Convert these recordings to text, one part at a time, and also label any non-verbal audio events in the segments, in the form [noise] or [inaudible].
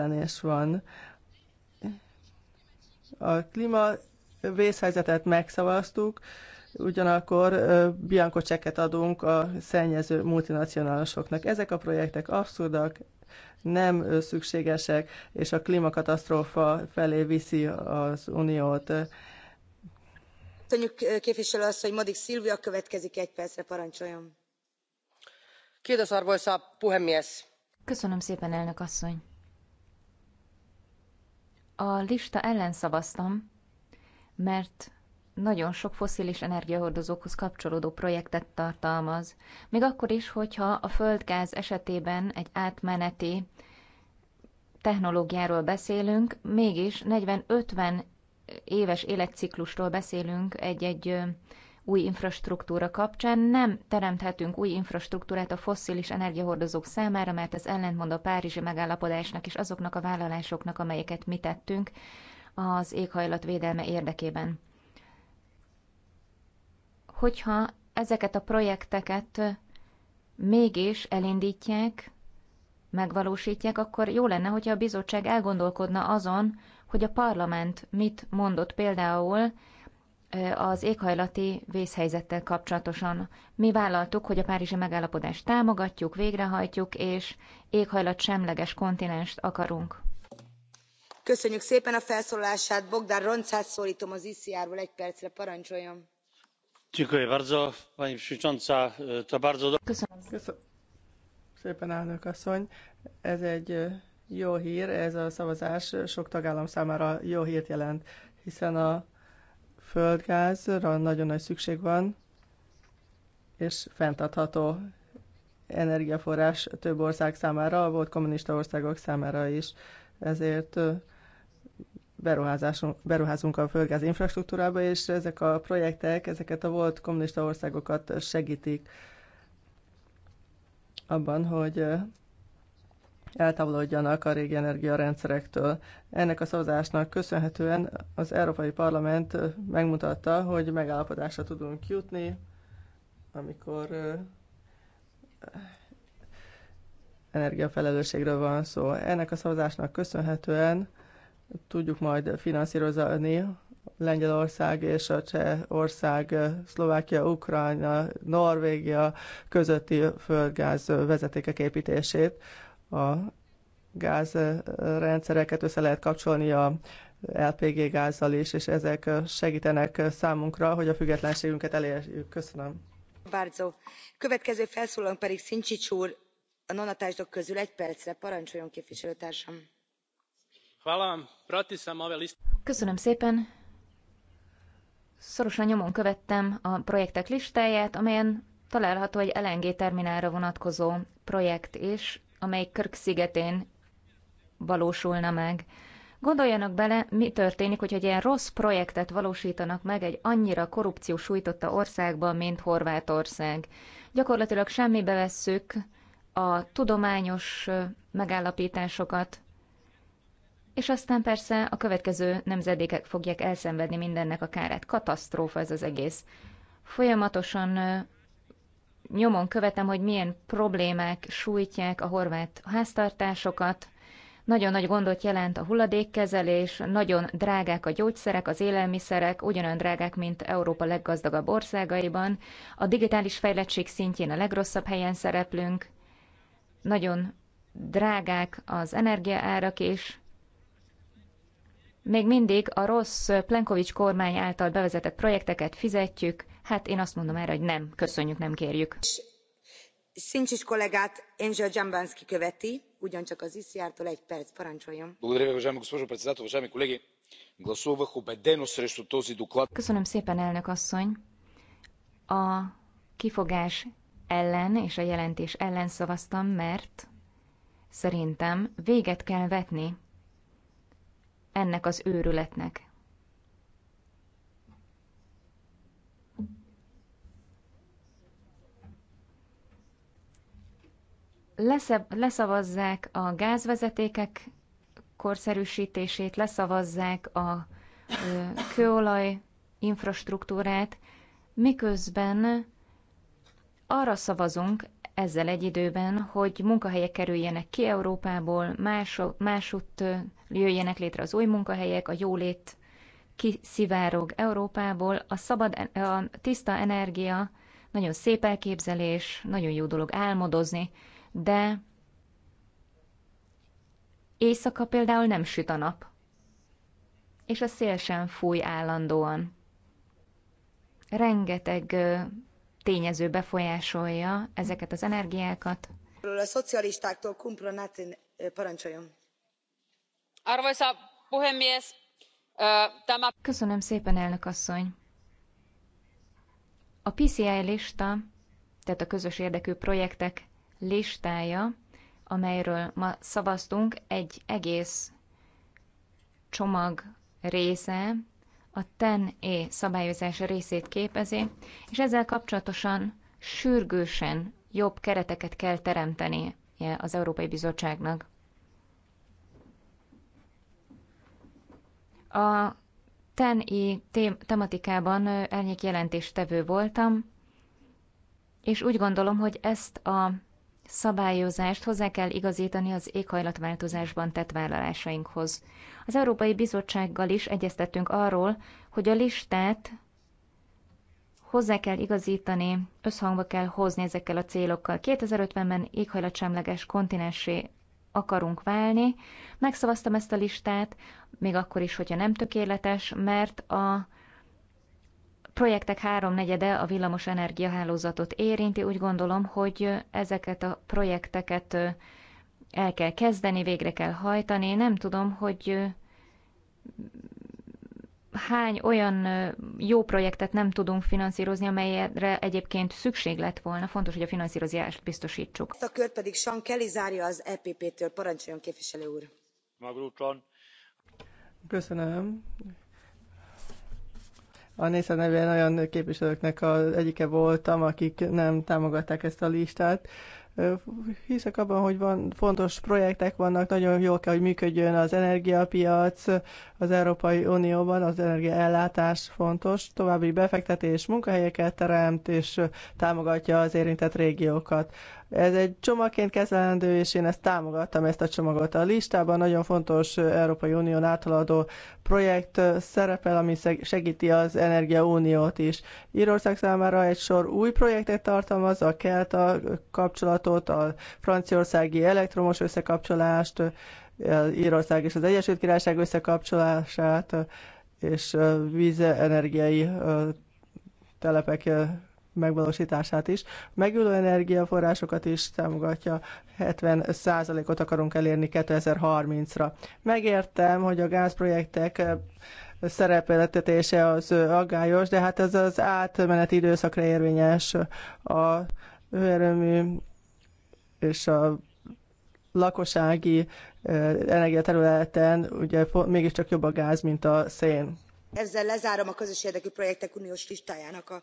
ellenés van. A klíma vészhelyzetet megszavaztuk, ugyanakkor bianco cseket adunk a szennyező multinacionálisoknak. Ezek a projektek abszurdak, nem szükségesek, és a klímakatasztrófa felé viszi az uniót. Köszönjük képviselő hogy Madik Szilvia következik egy percre, parancsoljon. Kiitos, arvoisa puhemies. Köszönöm szépen, elnök asszony. A lista ellen szavaztam, mert nagyon sok foszilis energiahordozókhoz kapcsolódó projektet tartalmaz. Még akkor is, hogyha a földgáz esetében egy átmeneti technológiáról beszélünk, mégis 40-50 éves életciklusról beszélünk egy-egy új infrastruktúra kapcsán. Nem teremthetünk új infrastruktúrát a fosszilis energiahordozók számára, mert ez ellentmond a Párizsi megállapodásnak és azoknak a vállalásoknak, amelyeket mi tettünk az éghajlat védelme érdekében. Hogyha ezeket a projekteket mégis elindítják, megvalósítják, akkor jó lenne, hogyha a bizottság elgondolkodna azon, hogy a parlament mit mondott például az éghajlati vészhelyzettel kapcsolatosan. Mi vállaltuk, hogy a Párizsi megállapodást támogatjuk, végrehajtjuk, és éghajlat semleges kontinenst akarunk. Köszönjük szépen a felszólását. Bogdán Roncát szólítom az ICR-ból egy percre, parancsoljon. Köszönöm szépen, elnök asszony. Ez egy jó hír, ez a szavazás sok tagállam számára jó hírt jelent, hiszen a földgázra nagyon nagy szükség van, és fenntartható energiaforrás több ország számára, a volt kommunista országok számára is. Ezért beruházunk a földgáz infrastruktúrába, és ezek a projektek, ezeket a volt kommunista országokat segítik abban, hogy eltávolodjanak a régi energiarendszerektől. Ennek a szavazásnak köszönhetően az Európai Parlament megmutatta, hogy megállapodásra tudunk jutni, amikor energiafelelősségről van szó. Ennek a szavazásnak köszönhetően tudjuk majd finanszírozni Lengyelország és a Csehország, Szlovákia, Ukrajna, Norvégia közötti földgáz vezetékek építését a gázrendszereket össze lehet kapcsolni a LPG gázzal is, és ezek segítenek számunkra, hogy a függetlenségünket elérjük. Köszönöm. Bárcó. Következő felszólalónk pedig Szincsics úr, a nonatásdok közül egy percre. Parancsoljon képviselőtársam. Köszönöm szépen. Szorosan nyomon követtem a projektek listáját, amelyen található egy LNG terminálra vonatkozó projekt is, amely Körk szigetén valósulna meg. Gondoljanak bele, mi történik, hogy egy ilyen rossz projektet valósítanak meg egy annyira korrupció sújtotta országban, mint Horvátország. Gyakorlatilag semmibe vesszük a tudományos megállapításokat, és aztán persze a következő nemzedékek fogják elszenvedni mindennek a kárát. Katasztrófa ez az egész. Folyamatosan nyomon követem, hogy milyen problémák sújtják a horvát háztartásokat. Nagyon nagy gondot jelent a hulladékkezelés, nagyon drágák a gyógyszerek, az élelmiszerek, ugyanolyan drágák, mint Európa leggazdagabb országaiban. A digitális fejlettség szintjén a legrosszabb helyen szereplünk. Nagyon drágák az energiaárak is. Még mindig a rossz Plenkovics kormány által bevezetett projekteket fizetjük, Hát én azt mondom erre, hogy nem, köszönjük, nem kérjük. Szincsis kollégát Angel Jambanski követi, ugyancsak az ICR-tól egy perc, parancsoljon. Köszönöm szépen, elnök asszony. A kifogás ellen és a jelentés ellen szavaztam, mert szerintem véget kell vetni ennek az őrületnek. leszavazzák a gázvezetékek korszerűsítését, leszavazzák a kőolaj infrastruktúrát, miközben arra szavazunk ezzel egy időben, hogy munkahelyek kerüljenek ki Európából, másutt jöjjenek létre az új munkahelyek, a jólét kiszivárog Európából, a, szabad, a tiszta energia, nagyon szép elképzelés, nagyon jó dolog álmodozni, de éjszaka például nem süt a nap, és a szél sem fúj állandóan. Rengeteg tényező befolyásolja ezeket az energiákat. A szocialistáktól Kumpula Natrin parancsoljon. Arvoisa puhemies, tämä... Köszönöm szépen, elnök asszony. A PCI lista, tehát a közös érdekű projektek listája, amelyről ma szavaztunk, egy egész csomag része a TEN-E szabályozása részét képezi, és ezzel kapcsolatosan sürgősen jobb kereteket kell teremteni az Európai Bizottságnak. A TEN-I tematikában elnyék jelentéstevő voltam, és úgy gondolom, hogy ezt a szabályozást hozzá kell igazítani az éghajlatváltozásban tett vállalásainkhoz. Az Európai Bizottsággal is egyeztettünk arról, hogy a listát hozzá kell igazítani, összhangba kell hozni ezekkel a célokkal. 2050-ben éghajlatsemleges kontinensé akarunk válni. Megszavaztam ezt a listát, még akkor is, hogyha nem tökéletes, mert a projektek háromnegyede a villamos energiahálózatot érinti. Úgy gondolom, hogy ezeket a projekteket el kell kezdeni, végre kell hajtani. Nem tudom, hogy hány olyan jó projektet nem tudunk finanszírozni, amelyre egyébként szükség lett volna. Fontos, hogy a finanszírozást biztosítsuk. Ezt a kört pedig Sean Kelly zárja az EPP-től. Parancsoljon, képviselő úr! Magrúton. Köszönöm. A Nésza nevében olyan képviselőknek az egyike voltam, akik nem támogatták ezt a listát. Hiszek abban, hogy van, fontos projektek vannak, nagyon jól kell, hogy működjön az energiapiac az Európai Unióban, az energiaellátás fontos, további befektetés, munkahelyeket teremt és támogatja az érintett régiókat. Ez egy csomagként kezelendő, és én ezt támogattam, ezt a csomagot. A listában nagyon fontos Európai Unión átaladó projekt szerepel, ami segíti az Energia Uniót is. Írország számára egy sor új projektet tartalmaz, a kelta kapcsolatot, a franciaországi elektromos összekapcsolást, az Írország és az Egyesült Királyság összekapcsolását, és vízenergiai telepek megvalósítását is. Megülő energiaforrásokat is támogatja, 70%-ot akarunk elérni 2030-ra. Megértem, hogy a gázprojektek szerepeltetése az aggályos, de hát ez az átmeneti időszakra érvényes a hőerőmű és a lakossági energiaterületen ugye mégiscsak jobb a gáz, mint a szén. Ezzel lezárom a közös érdekű projektek uniós listájának a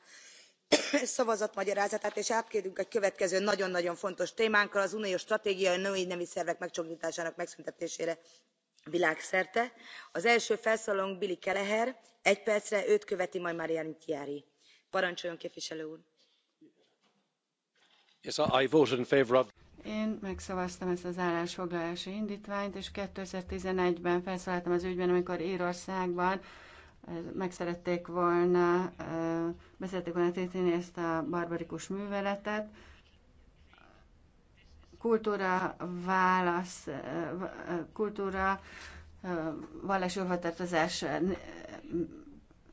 szavazatmagyarázatát és áttérünk a következő nagyon nagyon fontos témánkra az uniós stratégia a női nemi szervek megcsonktásának megszüntetésére világszerte. az első felszólalónk bill kelleher egy percre őt követi majd marian járé. parancsoljon képviselő úr! Én megszavaztam ezt az állásfoglalási indítványt, és eleven ben felszólaltam az ügyben, amikor rországban meg szerették volna, beszélték volna téteni ezt a barbarikus műveletet. Kultúra, válasz, kultúra, vallási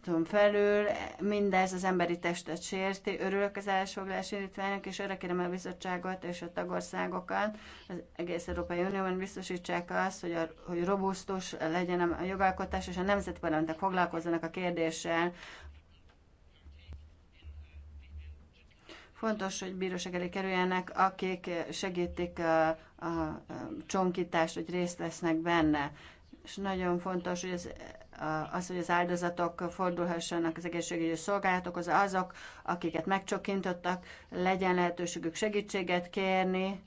tön felül, mindez az emberi testet sérti. Örülök az elsfoglalás indítványnak, és arra kérem a bizottságot és a tagországokat, az egész Európai Unióban biztosítsák azt, hogy, a, hogy robusztus legyen a jogalkotás, és a nemzeti parlamentek foglalkozzanak a kérdéssel. Fontos, hogy bíróság elé kerüljenek, akik segítik a, a, a csonkítást, hogy részt vesznek benne. És nagyon fontos, hogy az az, hogy az áldozatok fordulhassanak az egészségügyi szolgálatokhoz, azok, akiket megcsokintottak, legyen lehetőségük segítséget kérni,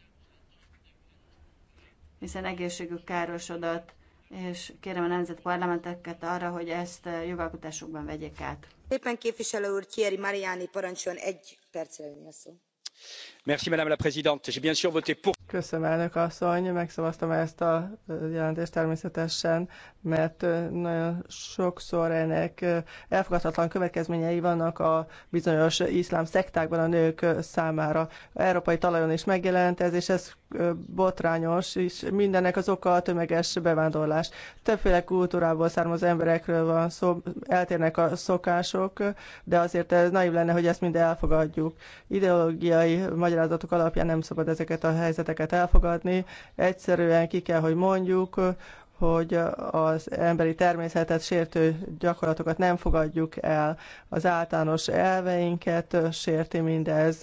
hiszen egészségük károsodott, és kérem a nemzet parlamenteket arra, hogy ezt jogalkotásukban vegyék át. Éppen képviselő úr Thierry Mariani parancsoljon egy percre a szó madame la présidente j'ai bien sûr voté pour. Köszönöm, elnök asszony, megszavaztam ezt a jelentést természetesen, mert nagyon sokszor ennek elfogadhatatlan következményei vannak a bizonyos iszlám szektákban a nők számára. Európai talajon is megjelent ez, és ez botrányos, és mindennek az oka a tömeges bevándorlás. Többféle kultúrából származó emberekről van szó, eltérnek a szokások, de azért ez naiv lenne, hogy ezt mind elfogadjuk. Ideológiai magyarázatok alapján nem szabad ezeket a helyzeteket elfogadni. Egyszerűen ki kell, hogy mondjuk, hogy az emberi természetet sértő gyakorlatokat nem fogadjuk el, az általános elveinket sérti mindez,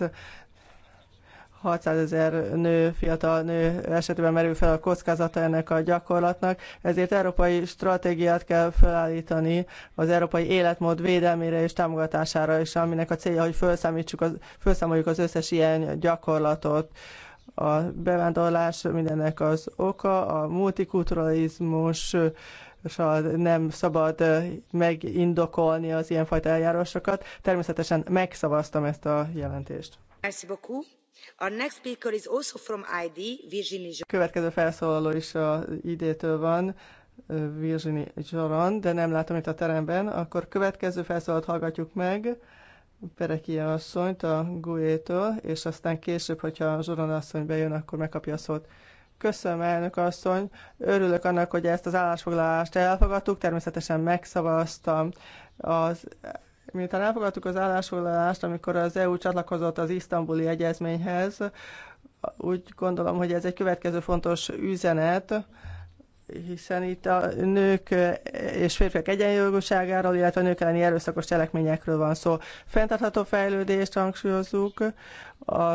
600 ezer nő, fiatal nő esetében merül fel a kockázata ennek a gyakorlatnak, ezért európai stratégiát kell felállítani az európai életmód védelmére és támogatására, és aminek a célja, hogy felszámítsuk az, felszámoljuk az összes ilyen gyakorlatot. A bevándorlás mindennek az oka, a multikulturalizmus, és a nem szabad megindokolni az ilyenfajta eljárásokat. Természetesen megszavaztam ezt a jelentést. Következő felszólaló is a idétől van, Virginie Joran, de nem látom itt a teremben. Akkor következő felszólalót hallgatjuk meg, Perekia asszonyt a GUE-től, és aztán később, hogyha Zsoron asszony bejön, akkor megkapja a szót. Köszönöm, elnök asszony. Örülök annak, hogy ezt az állásfoglalást elfogadtuk. Természetesen megszavaztam az Miután elfogadtuk az állásfoglalást, amikor az EU csatlakozott az isztambuli egyezményhez, úgy gondolom, hogy ez egy következő fontos üzenet, hiszen itt a nők és férfiak egyenjogúságáról, illetve a nők elleni erőszakos cselekményekről van szó. Fentartható fejlődést hangsúlyozzuk, a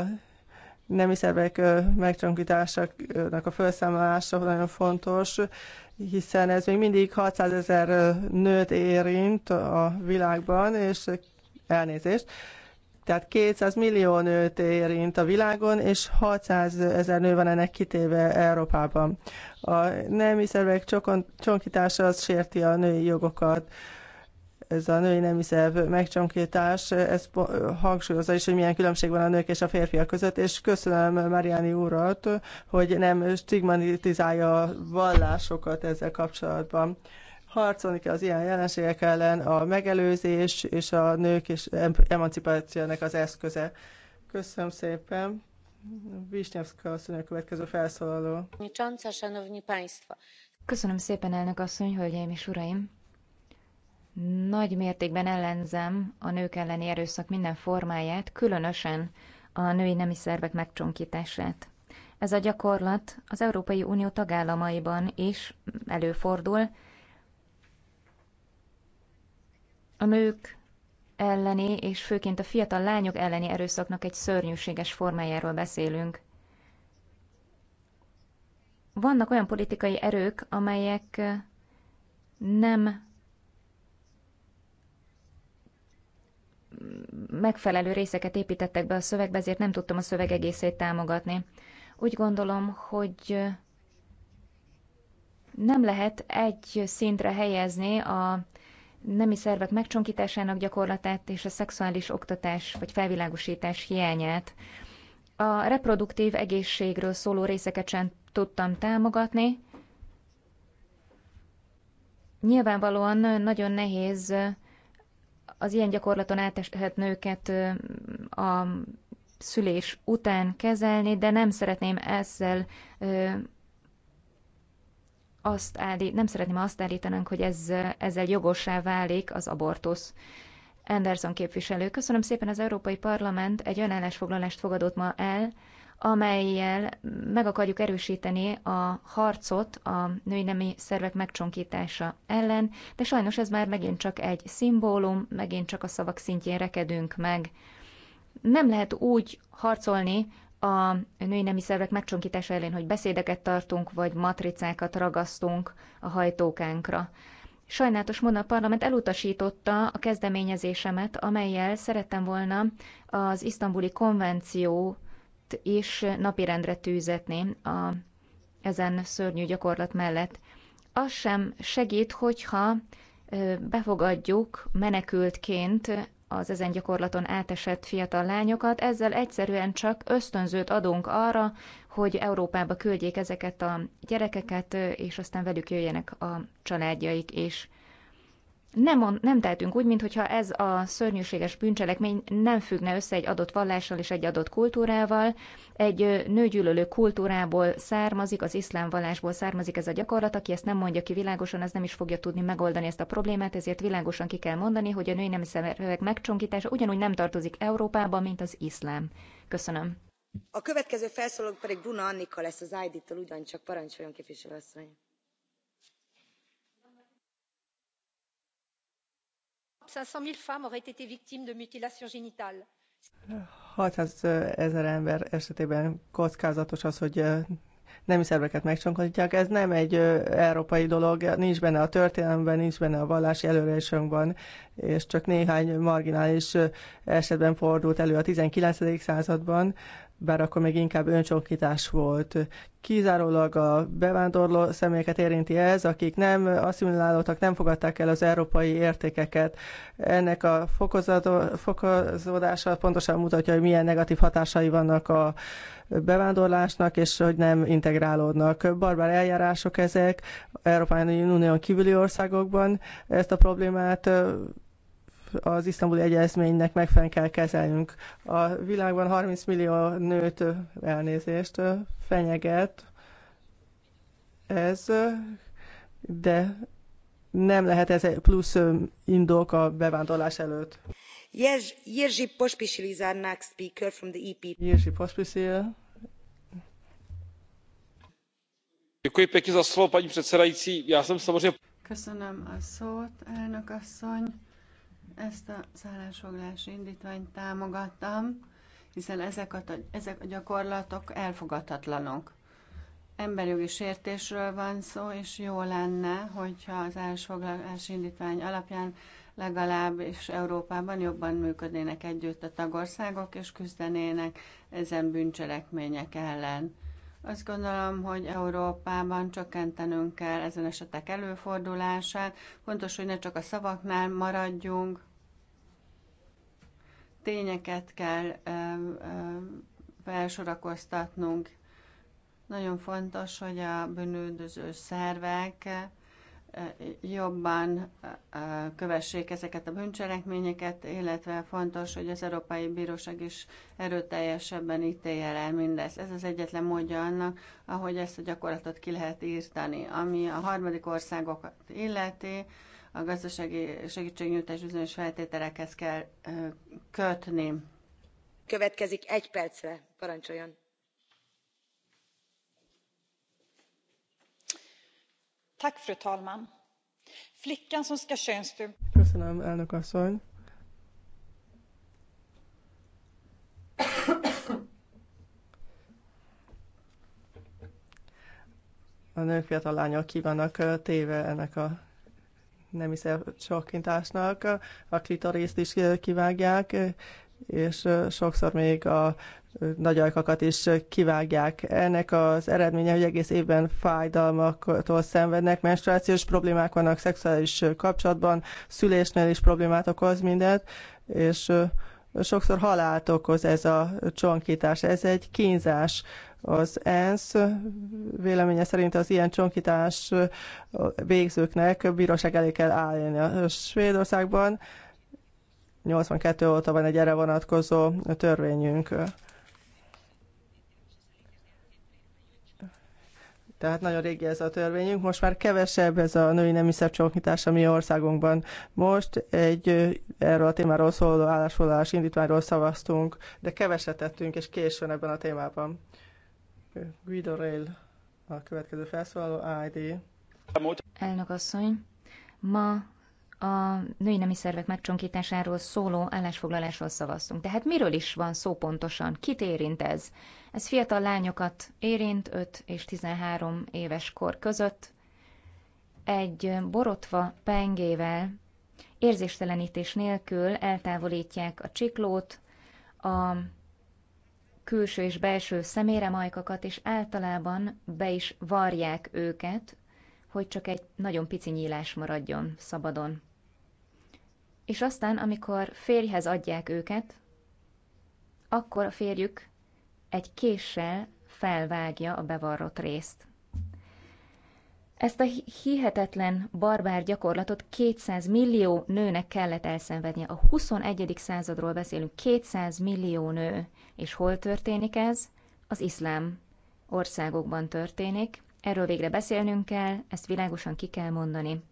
nemi szervek megcsonkításának a felszámolása nagyon fontos, hiszen ez még mindig 600 ezer nőt érint a világban, és elnézést, tehát 200 millió nőt érint a világon, és 600 ezer nő van ennek kitéve Európában. A nemi szervek csonkítása az sérti a női jogokat ez a női nemi szerv megcsonkítás, ez hangsúlyozza is, hogy milyen különbség van a nők és a férfiak között, és köszönöm Mariani úrat, hogy nem stigmatizálja a vallásokat ezzel kapcsolatban. Harcolni kell az ilyen jelenségek ellen, a megelőzés és a nők és emancipációnak az eszköze. Köszönöm szépen. Wisniewska asszony a következő felszólaló. Köszönöm szépen, elnök asszony, hölgyeim és uraim! nagy mértékben ellenzem a nők elleni erőszak minden formáját, különösen a női nemi szervek megcsonkítását. Ez a gyakorlat az Európai Unió tagállamaiban is előfordul. A nők elleni, és főként a fiatal lányok elleni erőszaknak egy szörnyűséges formájáról beszélünk. Vannak olyan politikai erők, amelyek nem megfelelő részeket építettek be a szövegbe, ezért nem tudtam a szöveg egészét támogatni. Úgy gondolom, hogy nem lehet egy szintre helyezni a nemi szervek megcsonkításának gyakorlatát és a szexuális oktatás vagy felvilágosítás hiányát. A reproduktív egészségről szóló részeket sem tudtam támogatni. Nyilvánvalóan nagyon nehéz az ilyen gyakorlaton áteshet nőket a szülés után kezelni, de nem szeretném ezzel azt állít, nem szeretném azt állítanánk, hogy ez, ezzel jogossá válik az abortusz. Anderson képviselő, köszönöm szépen az Európai Parlament egy olyan fogadott ma el, amelyel meg akarjuk erősíteni a harcot a női nemi szervek megcsonkítása ellen, de sajnos ez már megint csak egy szimbólum, megint csak a szavak szintjén rekedünk meg. Nem lehet úgy harcolni a női nemi szervek megcsonkítása ellen, hogy beszédeket tartunk, vagy matricákat ragasztunk a hajtókánkra. Sajnálatos módon a parlament elutasította a kezdeményezésemet, amelyel szerettem volna az isztambuli konvenció is napirendre tűzetni a, ezen szörnyű gyakorlat mellett. Az sem segít, hogyha befogadjuk menekültként az ezen gyakorlaton átesett fiatal lányokat, ezzel egyszerűen csak ösztönzőt adunk arra, hogy Európába küldjék ezeket a gyerekeket, és aztán velük jöjjenek a családjaik és nem, mond, nem tehetünk úgy, mintha ez a szörnyűséges bűncselekmény nem függne össze egy adott vallással és egy adott kultúrával. Egy nőgyűlölő kultúrából származik, az iszlám vallásból származik ez a gyakorlat, aki ezt nem mondja ki világosan, az nem is fogja tudni megoldani ezt a problémát, ezért világosan ki kell mondani, hogy a női nem szemek megcsonkítása ugyanúgy nem tartozik Európába, mint az iszlám. Köszönöm. A következő felszólaló pedig Bruna Annika lesz az ID-től, ugyancsak parancsoljon képviselő asszony 600 ezer ember esetében kockázatos az, hogy nemi szerveket megcsonkítják. Ez nem egy európai dolog, nincs benne a történelemben, nincs benne a vallási előrésünkben, és csak néhány marginális esetben fordult elő a 19. században bár akkor még inkább öncsonkítás volt. Kizárólag a bevándorló személyeket érinti ez, akik nem asszimilálódtak, nem fogadták el az európai értékeket. Ennek a fokozódása pontosan mutatja, hogy milyen negatív hatásai vannak a bevándorlásnak, és hogy nem integrálódnak. Barbár eljárások ezek Európai Unión kívüli országokban. Ezt a problémát az isztambuli egyezménynek megfelelően kell kezelnünk. A világban 30 millió nőt elnézést fenyeget ez, de nem lehet ez egy plusz indok a bevándorlás előtt. Jerzy Pospisil is our next speaker from the EP. Jerzy Pospisil. Děkuji pěkně za slovo, paní předsedající. Já jsem samozřejmě... Köszönöm a szót, elnök asszony. Ezt a szállásfoglalási indítványt támogattam, hiszen ezek a, ezek a gyakorlatok elfogadhatatlanok. Emberjogi sértésről van szó, és jó lenne, hogyha az állásfoglalási indítvány alapján legalább és Európában jobban működnének együtt a tagországok, és küzdenének ezen bűncselekmények ellen. Azt gondolom, hogy Európában csökkentenünk kell ezen esetek előfordulását. Fontos, hogy ne csak a szavaknál maradjunk, tényeket kell felsorakoztatnunk. Nagyon fontos, hogy a bűnöldöző szervek jobban kövessék ezeket a bűncselekményeket, illetve fontos, hogy az Európai Bíróság is erőteljesebben ítélje el mindezt. Ez az egyetlen módja annak, ahogy ezt a gyakorlatot ki lehet írtani. Ami a harmadik országokat illeti, a gazdasági segítségnyújtás bizonyos feltételekhez kell kötni. Következik egy percre, parancsoljon. Tack, fru talman. Flickan som ska könsstympas... Köszönöm, elnök asszony. a nők fiatal lányok ki vannak téve ennek a nem hiszem sokkintásnak, a klitoriszt is eh, kivágják, eh, és eh, sokszor még a nagy ajkakat is kivágják. Ennek az eredménye, hogy egész évben fájdalmaktól szenvednek, menstruációs problémák vannak szexuális kapcsolatban, szülésnél is problémát okoz mindet, és sokszor halált okoz ez a csonkítás. Ez egy kínzás. Az ENSZ véleménye szerint az ilyen csonkítás végzőknek bíróság elé kell állni. A Svédországban 82 óta van egy erre vonatkozó törvényünk. tehát nagyon régi ez a törvényünk. Most már kevesebb ez a női nemi szercsonkítás a mi országunkban. Most egy erről a témáról szóló állásfoglalás indítványról szavaztunk, de keveset tettünk, és későn ebben a témában. Guido Rail a következő felszólaló, AID. Elnök asszony, ma a női nemi szervek megcsonkításáról szóló állásfoglalásról szavaztunk. Tehát miről is van szó pontosan? Kit érint ez? Ez fiatal lányokat érint 5 és 13 éves kor között. Egy borotva pengével érzéstelenítés nélkül eltávolítják a csiklót, a külső és belső szemére majkakat, és általában be is varják őket, hogy csak egy nagyon pici nyílás maradjon szabadon. És aztán, amikor férjhez adják őket, akkor a férjük egy késsel felvágja a bevarrott részt. Ezt a hihetetlen barbár gyakorlatot 200 millió nőnek kellett elszenvednie. A 21. századról beszélünk, 200 millió nő és hol történik ez? Az iszlám országokban történik. Erről végre beszélnünk kell, ezt világosan ki kell mondani.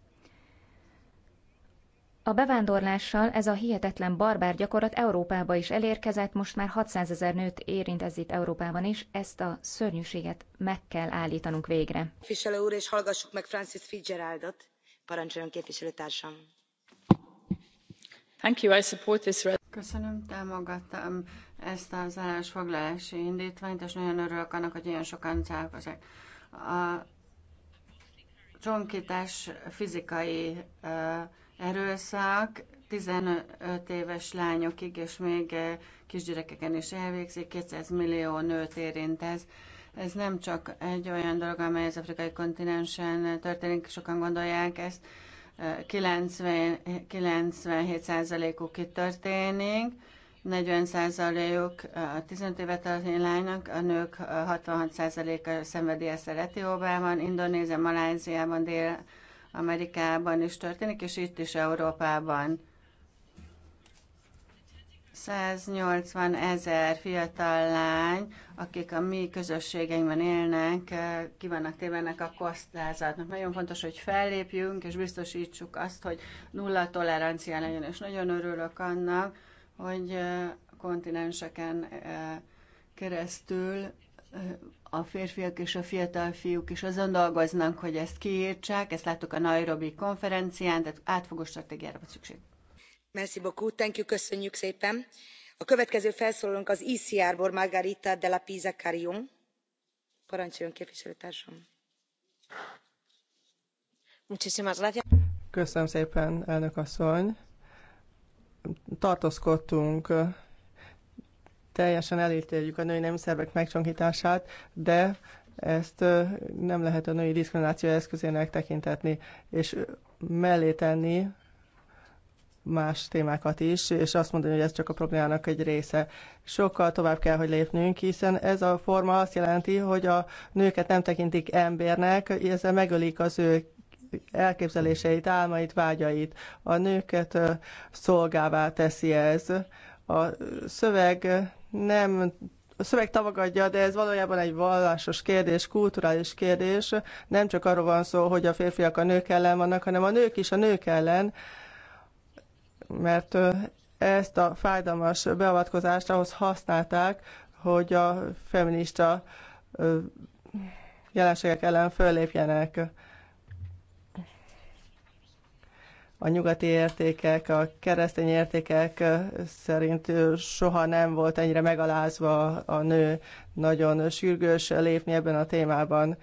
A bevándorlással ez a hihetetlen barbár gyakorlat Európába is elérkezett, most már 600 ezer nőt érint ez itt Európában is, ezt a szörnyűséget meg kell állítanunk végre. Képviselő úr, és hallgassuk meg Francis Fitzgeraldot. Parancsoljon képviselőtársam. Thank you, I support this. Köszönöm, támogatom ezt az állásfoglalási indítványt, és nagyon örülök annak, hogy ilyen sokan találkozik. A csonkítás fizikai erőszak 15 éves lányokig, és még kisgyerekeken is elvégzik, 200 millió nőt érint ez. Ez nem csak egy olyan dolog, amely az afrikai kontinensen történik, sokan gondolják ezt, 90, 97%-uk itt történik, 40%-uk a 15 évet alatti lánynak, a nők 66%-a szenvedi ezt a Etiópában, Indonézia, Maláziában, Dél-Amerikában is történik, és itt is Európában. 180 ezer fiatal lány, akik a mi közösségeinkben élnek, eh, ki vannak téve ennek a kosztázatnak. Nagyon fontos, hogy fellépjünk, és biztosítsuk azt, hogy nulla tolerancia legyen, és nagyon örülök annak, hogy kontinenseken keresztül a férfiak és a fiatal fiúk is azon dolgoznak, hogy ezt kiírtsák, ezt láttuk a Nairobi konferencián, tehát átfogó stratégiára van szükség. Merci beaucoup, thank you, köszönjük szépen. A következő felszólalónk az ICR-bor e Margarita de la Pisa Carion. Parancsoljon képviselőtársam. Köszönöm szépen, elnök asszony tartózkodtunk, teljesen elítéljük a női nemi szervek megcsonkítását, de ezt nem lehet a női diszkrimináció eszközének tekintetni, és mellé tenni más témákat is, és azt mondani, hogy ez csak a problémának egy része. Sokkal tovább kell, hogy lépnünk, hiszen ez a forma azt jelenti, hogy a nőket nem tekintik embernek, ezzel megölik az ő elképzeléseit, álmait, vágyait. A nőket szolgává teszi ez. A szöveg nem a szöveg tavagadja, de ez valójában egy vallásos kérdés, kulturális kérdés. Nem csak arról van szó, hogy a férfiak a nők ellen vannak, hanem a nők is a nők ellen, mert ezt a fájdalmas beavatkozást ahhoz használták, hogy a feminista jelenségek ellen föllépjenek. a nyugati értékek, a keresztény értékek szerint soha nem volt ennyire megalázva a nő. Nagyon sürgős lépni ebben a témában.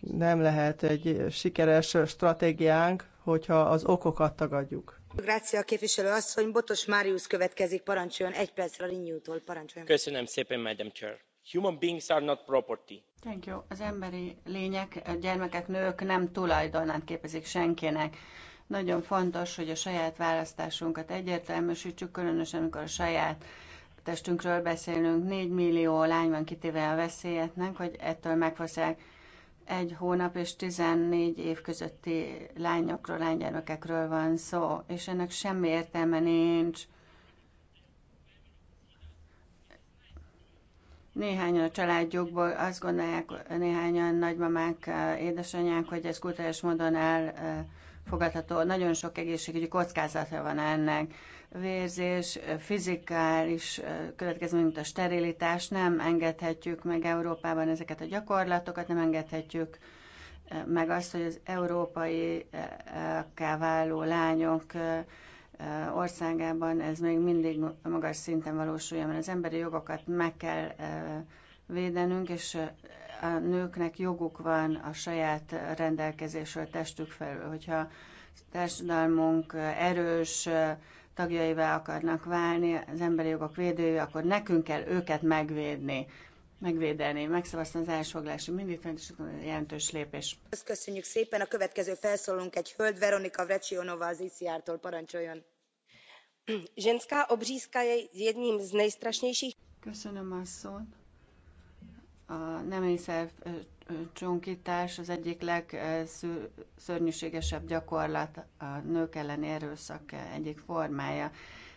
Nem lehet egy sikeres stratégiánk, hogyha az okokat tagadjuk. Grácia képviselő asszony, Botos Máriusz következik, parancsoljon egy percre Rinyútól, parancsoljon. Köszönöm szépen, Madam Chair. Human beings are not property. Thank you. Az emberi lények, gyermekek, nők nem tulajdonát képezik senkinek nagyon fontos, hogy a saját választásunkat egyértelműsítsük, különösen amikor a saját testünkről beszélünk. 4 millió lány van kitéve a veszélyetnek, hogy ettől megfoszák egy hónap és 14 év közötti lányokról, lánygyermekekről van szó, és ennek semmi értelme nincs. Néhányan a családjukból azt gondolják, néhányan nagymamák, édesanyák, hogy ez kultúrás módon el fogadható. Nagyon sok egészségügyi kockázata van ennek. Vérzés, fizikális következmény, mint a sterilitás, nem engedhetjük meg Európában ezeket a gyakorlatokat, nem engedhetjük meg azt, hogy az európai váló lányok országában ez még mindig magas szinten valósulja, mert az emberi jogokat meg kell védenünk, és a nőknek joguk van a saját rendelkezésről testük felül. Hogyha társadalmunk erős tagjaivá akarnak válni, az emberi jogok védői, akkor nekünk kell őket megvédni megvédeni. Megszavaztam az elsfoglási mindig és jelentős lépés. Ezt köszönjük szépen. A következő felszólunk egy hölgy, Veronika Vrecionova az ICR-tól. Parancsoljon. Ženská obřízka je jedním z nejstrašnějších. Köszönöm a szót. A nemi szerv csunkítás az egyik legszörnyűségesebb gyakorlat a nők elleni erőszak egyik formája.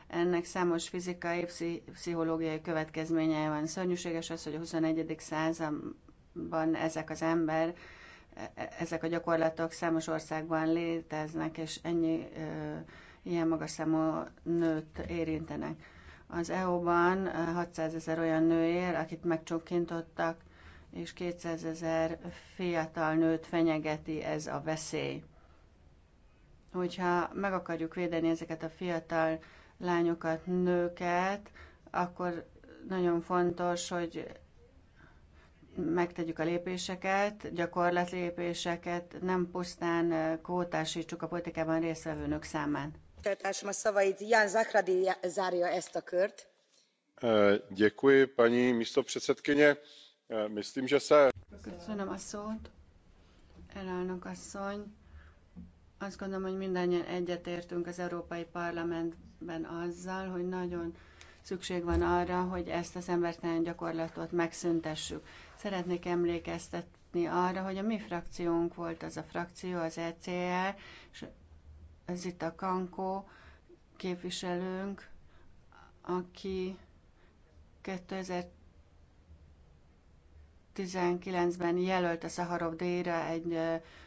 Ennek számos fizikai, pszichológiai következménye van. Szörnyűséges az, hogy a 21. században ezek az ember, e, e, ezek a gyakorlatok számos országban léteznek, és ennyi ilyen magas számú nőt érintenek az EU-ban 600 ezer olyan nő él, akit megcsonkintottak, és 200 ezer fiatal nőt fenyegeti ez a veszély. Hogyha meg akarjuk védeni ezeket a fiatal lányokat, nőket, akkor nagyon fontos, hogy megtegyük a lépéseket, gyakorlatlépéseket, nem pusztán kótásítsuk a politikában résztvevő nők számát képviselőtársam a szavait ján zahradil zárja ezt a kört. Eh, paní předsedající eh, myslím že se. elnök asszony. Azt gondolom, hogy mindannyian egyetértünk az Európai Parlamentben azzal, hogy nagyon szükség van arra, hogy ezt az embertelen gyakorlatot megszüntessük. Szeretnék emlékeztetni arra, hogy a mi frakciónk volt az a frakció, az ECR, e, ez itt a Kankó képviselőnk, aki 2019-ben jelölt a Szaharov díjra egy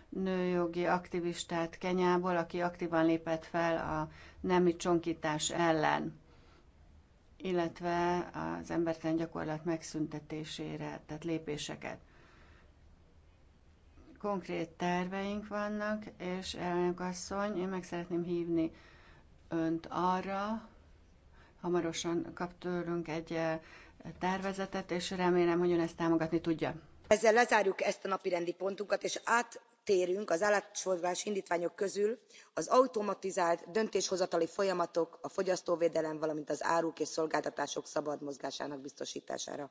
nőjogi aktivistát Kenyából, aki aktívan lépett fel a nemi csonkítás ellen, illetve az embertelen gyakorlat megszüntetésére tehát lépéseket konkrét terveink vannak, és elnök asszony, én meg szeretném hívni önt arra, hamarosan kap tőlünk egy eh, tervezetet, és remélem, hogy ön ezt támogatni tudja. Ezzel lezárjuk ezt a napi rendi pontunkat, és át térünk az állatsorvás indítványok közül az automatizált döntéshozatali folyamatok, a fogyasztóvédelem, valamint az áruk és szolgáltatások szabad mozgásának biztosítására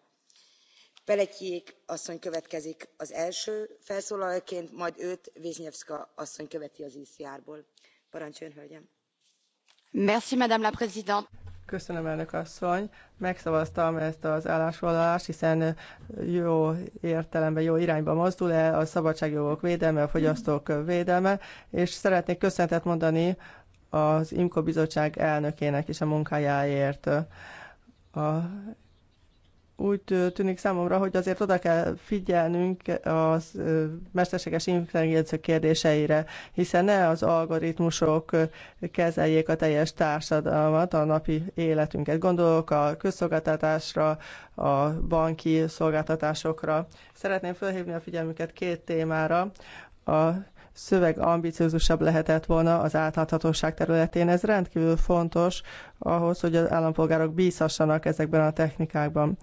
peletyék asszony következik az első felszólalóként majd őt wiśniewska asszony követi az ecr ból. parancsoljon hölgyem! Merci, madame Köszönöm, elnök asszony. Megszavaztam ezt az állásfoglalást, hiszen jó értelemben, jó irányba mozdul el a szabadságjogok védelme, a fogyasztók védelme, és szeretnék köszönetet mondani az IMKO bizottság elnökének is a munkájáért. A úgy tűnik számomra, hogy azért oda kell figyelnünk a mesterséges intelligencia kérdéseire, hiszen ne az algoritmusok kezeljék a teljes társadalmat, a napi életünket. Gondolok a közszolgáltatásra, a banki szolgáltatásokra. Szeretném felhívni a figyelmüket két témára. A szöveg ambiciózusabb lehetett volna az átláthatóság területén. Ez rendkívül fontos ahhoz, hogy az állampolgárok bízhassanak ezekben a technikákban.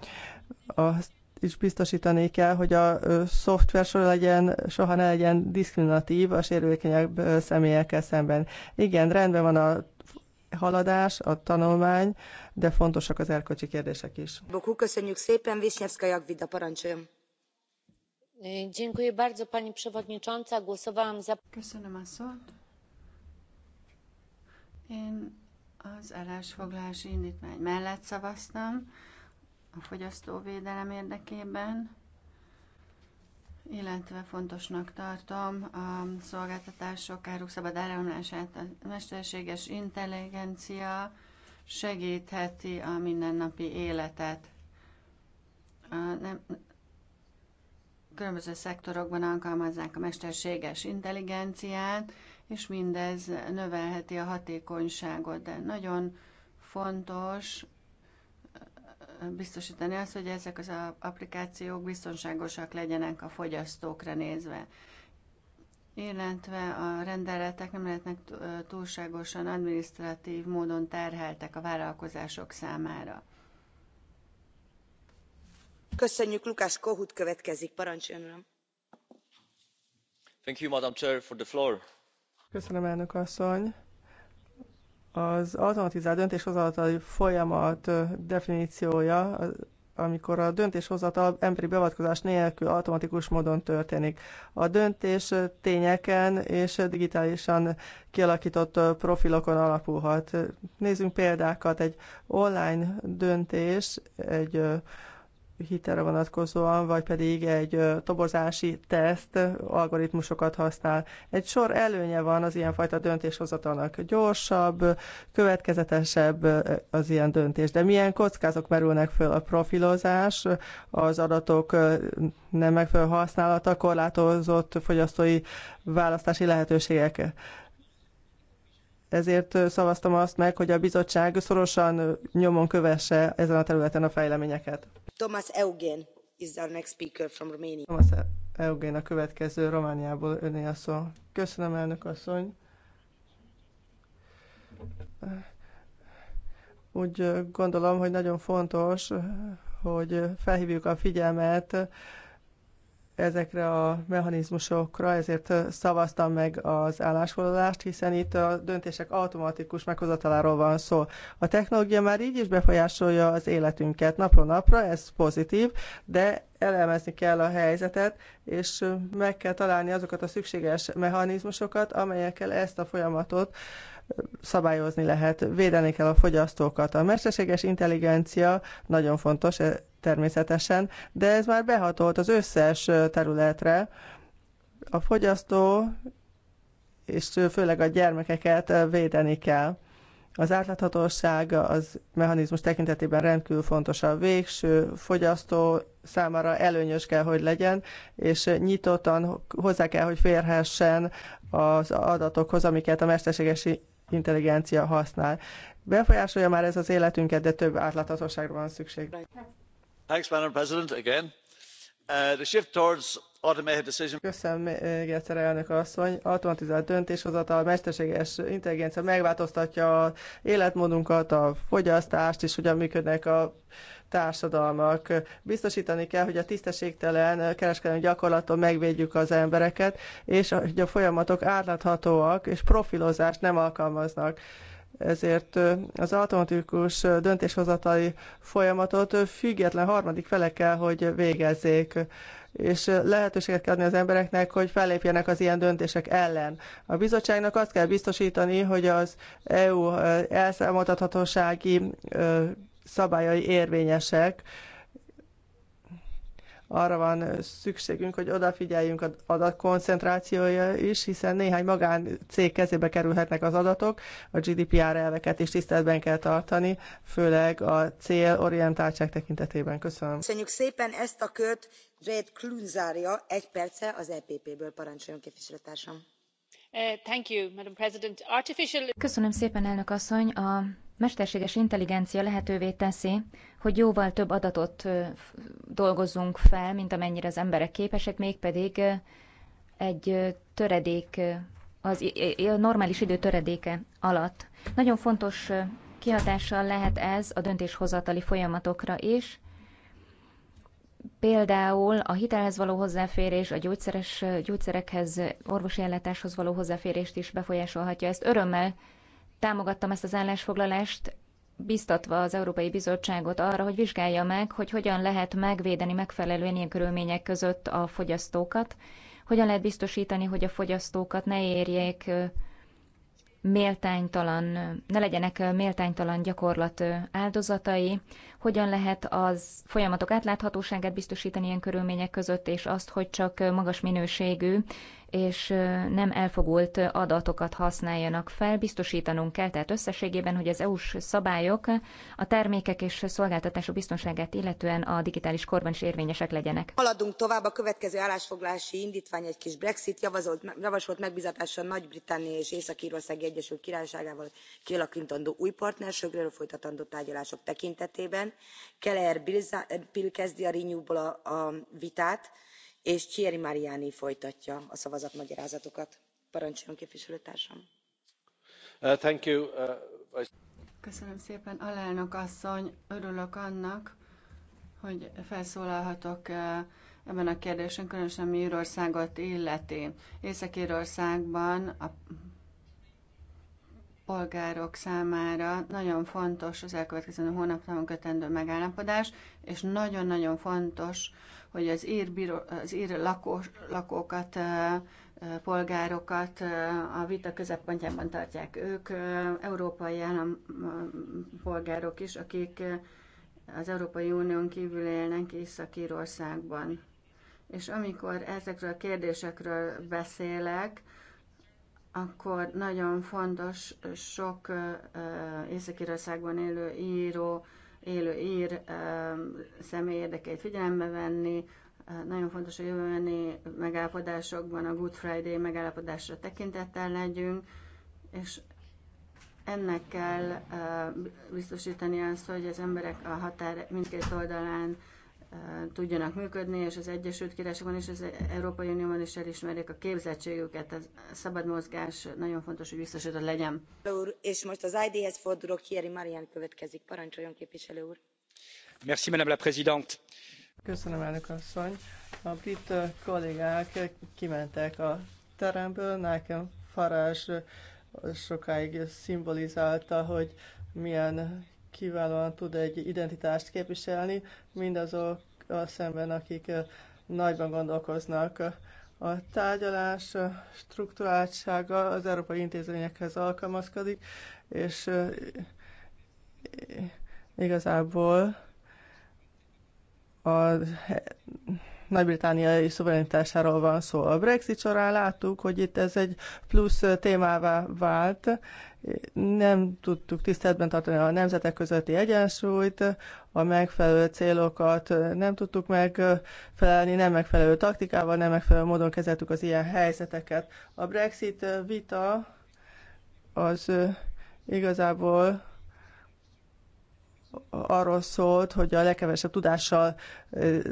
Azt is biztosítani kell, hogy a szoftver soha, legyen, soha ne legyen diszkriminatív a sérülékenyebb személyekkel szemben. Igen, rendben van a haladás, a tanulmány, de fontosak az erkölcsi kérdések is. Boku, köszönjük szépen, Visnyevszka Jagvida, parancsoljon! pani przewodnicząca! głosowałam za. przyjęciem sprawozdania. a fogyasztóvédelem érdekében illetve fontosnak tartom a a mesterséges intelligencia segítheti a életet. nem, különböző szektorokban alkalmazzák a mesterséges intelligenciát, és mindez növelheti a hatékonyságot, de nagyon fontos biztosítani azt, hogy ezek az applikációk biztonságosak legyenek a fogyasztókra nézve. Illetve a rendeletek nem lehetnek túlságosan administratív módon terheltek a vállalkozások számára. Köszönöm, elnök asszony. Az automatizált döntéshozatali folyamat definíciója, amikor a döntéshozatal emberi beavatkozás nélkül automatikus módon történik. A döntés tényeken és digitálisan kialakított profilokon alapulhat. Nézzünk példákat. Egy online döntés, egy hitelre vonatkozóan, vagy pedig egy tobozási teszt algoritmusokat használ. Egy sor előnye van az ilyenfajta döntéshozatalnak. Gyorsabb, következetesebb az ilyen döntés. De milyen kockázok merülnek föl a profilozás, az adatok nem megfelelő használata, korlátozott fogyasztói választási lehetőségek ezért szavaztam azt meg, hogy a bizottság szorosan nyomon kövesse ezen a területen a fejleményeket. Thomas Eugen is our next speaker from Romania. Thomas Eugen a következő Romániából öné a szó. Köszönöm, elnök asszony. Úgy gondolom, hogy nagyon fontos, hogy felhívjuk a figyelmet ezekre a mechanizmusokra, ezért szavaztam meg az állásfoglalást, hiszen itt a döntések automatikus meghozataláról van szó. A technológia már így is befolyásolja az életünket napról napra, ez pozitív, de elemezni kell a helyzetet, és meg kell találni azokat a szükséges mechanizmusokat, amelyekkel ezt a folyamatot szabályozni lehet. Védeni kell a fogyasztókat. A mesterséges intelligencia nagyon fontos, természetesen, de ez már behatolt az összes területre. A fogyasztó és főleg a gyermekeket védeni kell. Az átláthatóság az mechanizmus tekintetében rendkívül fontos. A végső fogyasztó számára előnyös kell, hogy legyen, és nyitottan hozzá kell, hogy férhessen az adatokhoz, amiket a mesterséges intelligencia használ. Befolyásolja már ez az életünket, de több átláthatóságra van szükség madam president uh, the shift towards automated decision. köszönöm eh, még egyszer elnök asszony automatizált döntéshozatal mesterséges intelligencia megváltoztatja az életmódunkat a fogyasztást és hogyan működnek a társadalmak. Biztosítani kell, hogy a tisztességtelen kereskedelmi gyakorlaton megvédjük az embereket, és hogy a folyamatok átláthatóak és profilozást nem alkalmaznak ezért az automatikus döntéshozatali folyamatot független harmadik felekkel, hogy végezzék és lehetőséget kell adni az embereknek, hogy fellépjenek az ilyen döntések ellen. A bizottságnak azt kell biztosítani, hogy az EU elszámoltathatósági szabályai érvényesek, arra van szükségünk, hogy odafigyeljünk az adatkoncentrációja is, hiszen néhány magán cég kezébe kerülhetnek az adatok, a GDPR elveket is tiszteletben kell tartani, főleg a célorientáltság tekintetében. Köszönöm. Köszönjük szépen ezt a kört, Red Klunzárja, egy perce az EPP-ből parancsoljon képviselőtársam. Eh, thank you, Madam President. Artificial... Köszönöm szépen, elnök asszony. A mesterséges intelligencia lehetővé teszi, hogy jóval több adatot dolgozzunk fel, mint amennyire az emberek képesek, mégpedig egy töredék, az normális idő töredéke alatt. Nagyon fontos kihatással lehet ez a döntéshozatali folyamatokra is, Például a hitelhez való hozzáférés, a gyógyszeres, gyógyszerekhez, orvosi ellátáshoz való hozzáférést is befolyásolhatja. Ezt örömmel támogattam ezt az állásfoglalást, biztatva az Európai Bizottságot arra, hogy vizsgálja meg, hogy hogyan lehet megvédeni megfelelően ilyen körülmények között a fogyasztókat, hogyan lehet biztosítani, hogy a fogyasztókat ne érjék méltánytalan, ne legyenek méltánytalan gyakorlat áldozatai, hogyan lehet az folyamatok átláthatóságát biztosítani ilyen körülmények között, és azt, hogy csak magas minőségű és nem elfogult adatokat használjanak fel. Biztosítanunk kell tehát összességében, hogy az EU-s szabályok a termékek és szolgáltatások biztonságát illetően a digitális korban is érvényesek legyenek. Haladunk tovább a következő állásfoglási indítvány egy kis Brexit javasolt, javasolt megbizatása Nagy-Britannia és Észak-Írország Egyesült Királyságával kialakítandó új partnerségről folytatandó tárgyalások tekintetében keller bill kezdi a renew ból a vitát és thierry mariani folytatja a szavazatmagyarázatokat. parancsoljon képviselőtársam! Uh, uh, köszönöm szépen alelnök asszony örülök annak hogy felszólalhatok uh, ebben a kérdésben különösen ami rországot illeti. észak rországban a polgárok számára nagyon fontos az elkövetkező hónapban kötendő megállapodás, és nagyon-nagyon fontos, hogy az ír, bíró, az ír lakós, lakókat, polgárokat a vita középpontjában tartják. Ők európai állampolgárok is, akik az Európai Unión kívül élnek Észak-Írországban. És amikor ezekről a kérdésekről beszélek, akkor nagyon fontos sok észak élő író, élő ír személy érdekeit figyelembe venni, nagyon fontos a jövőbeni megállapodásokban a Good Friday megállapodásra tekintettel legyünk, és ennek kell biztosítani azt, hogy az emberek a határ mindkét oldalán tudjanak működni, és az Egyesült Királyságban és az Európai Unióban is elismerjék a képzettségüket. A szabad mozgás nagyon fontos, hogy biztosított legyen. Úr, és most az ID-hez fordulok, Kieri Marian következik. Parancsoljon, képviselő úr. Merci, Madame la Présidente. Köszönöm, elnök asszony. A brit kollégák kimentek a teremből, nekem Farás sokáig szimbolizálta, hogy milyen kiválóan tud egy identitást képviselni, mindazok azokkal szemben, akik nagyban gondolkoznak. A tárgyalás struktúráltsága az európai intézményekhez alkalmazkodik, és igazából a nagy-britániai szuverenitásáról van szó. A Brexit során láttuk, hogy itt ez egy plusz témává vált, nem tudtuk tiszteletben tartani a nemzetek közötti egyensúlyt, a megfelelő célokat nem tudtuk megfelelni, nem megfelelő taktikával, nem megfelelő módon kezeltük az ilyen helyzeteket. A Brexit vita az igazából arról szólt, hogy a legkevesebb tudással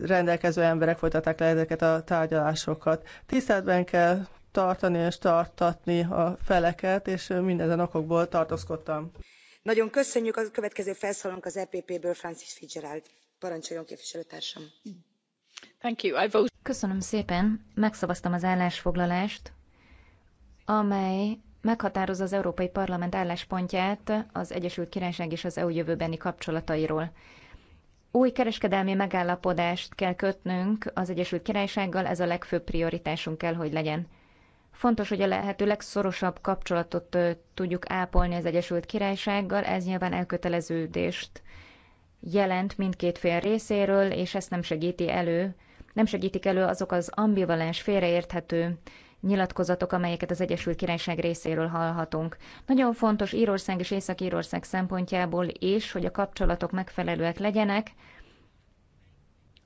rendelkező emberek folytatták le ezeket a tárgyalásokat. Tiszteletben kell tartani és tartatni a feleket, és mindezen okokból tartózkodtam. Nagyon köszönjük. A következő felszólalónk az EPP-ből Francis Fitzgerald. Parancsoljon képviselőtársam. Thank you. I vote... Köszönöm szépen. Megszavaztam az állásfoglalást, amely meghatározza az Európai Parlament álláspontját az Egyesült Királyság és az EU jövőbeni kapcsolatairól. Új kereskedelmi megállapodást kell kötnünk az Egyesült Királysággal, ez a legfőbb prioritásunk kell, hogy legyen. Fontos, hogy a lehető legszorosabb kapcsolatot tudjuk ápolni az Egyesült Királysággal, ez nyilván elköteleződést jelent mindkét fél részéről, és ezt nem segíti elő, nem segítik elő azok az ambivalens, félreérthető nyilatkozatok, amelyeket az Egyesült Királyság részéről hallhatunk. Nagyon fontos Írország és Észak-Írország szempontjából is, hogy a kapcsolatok megfelelőek legyenek,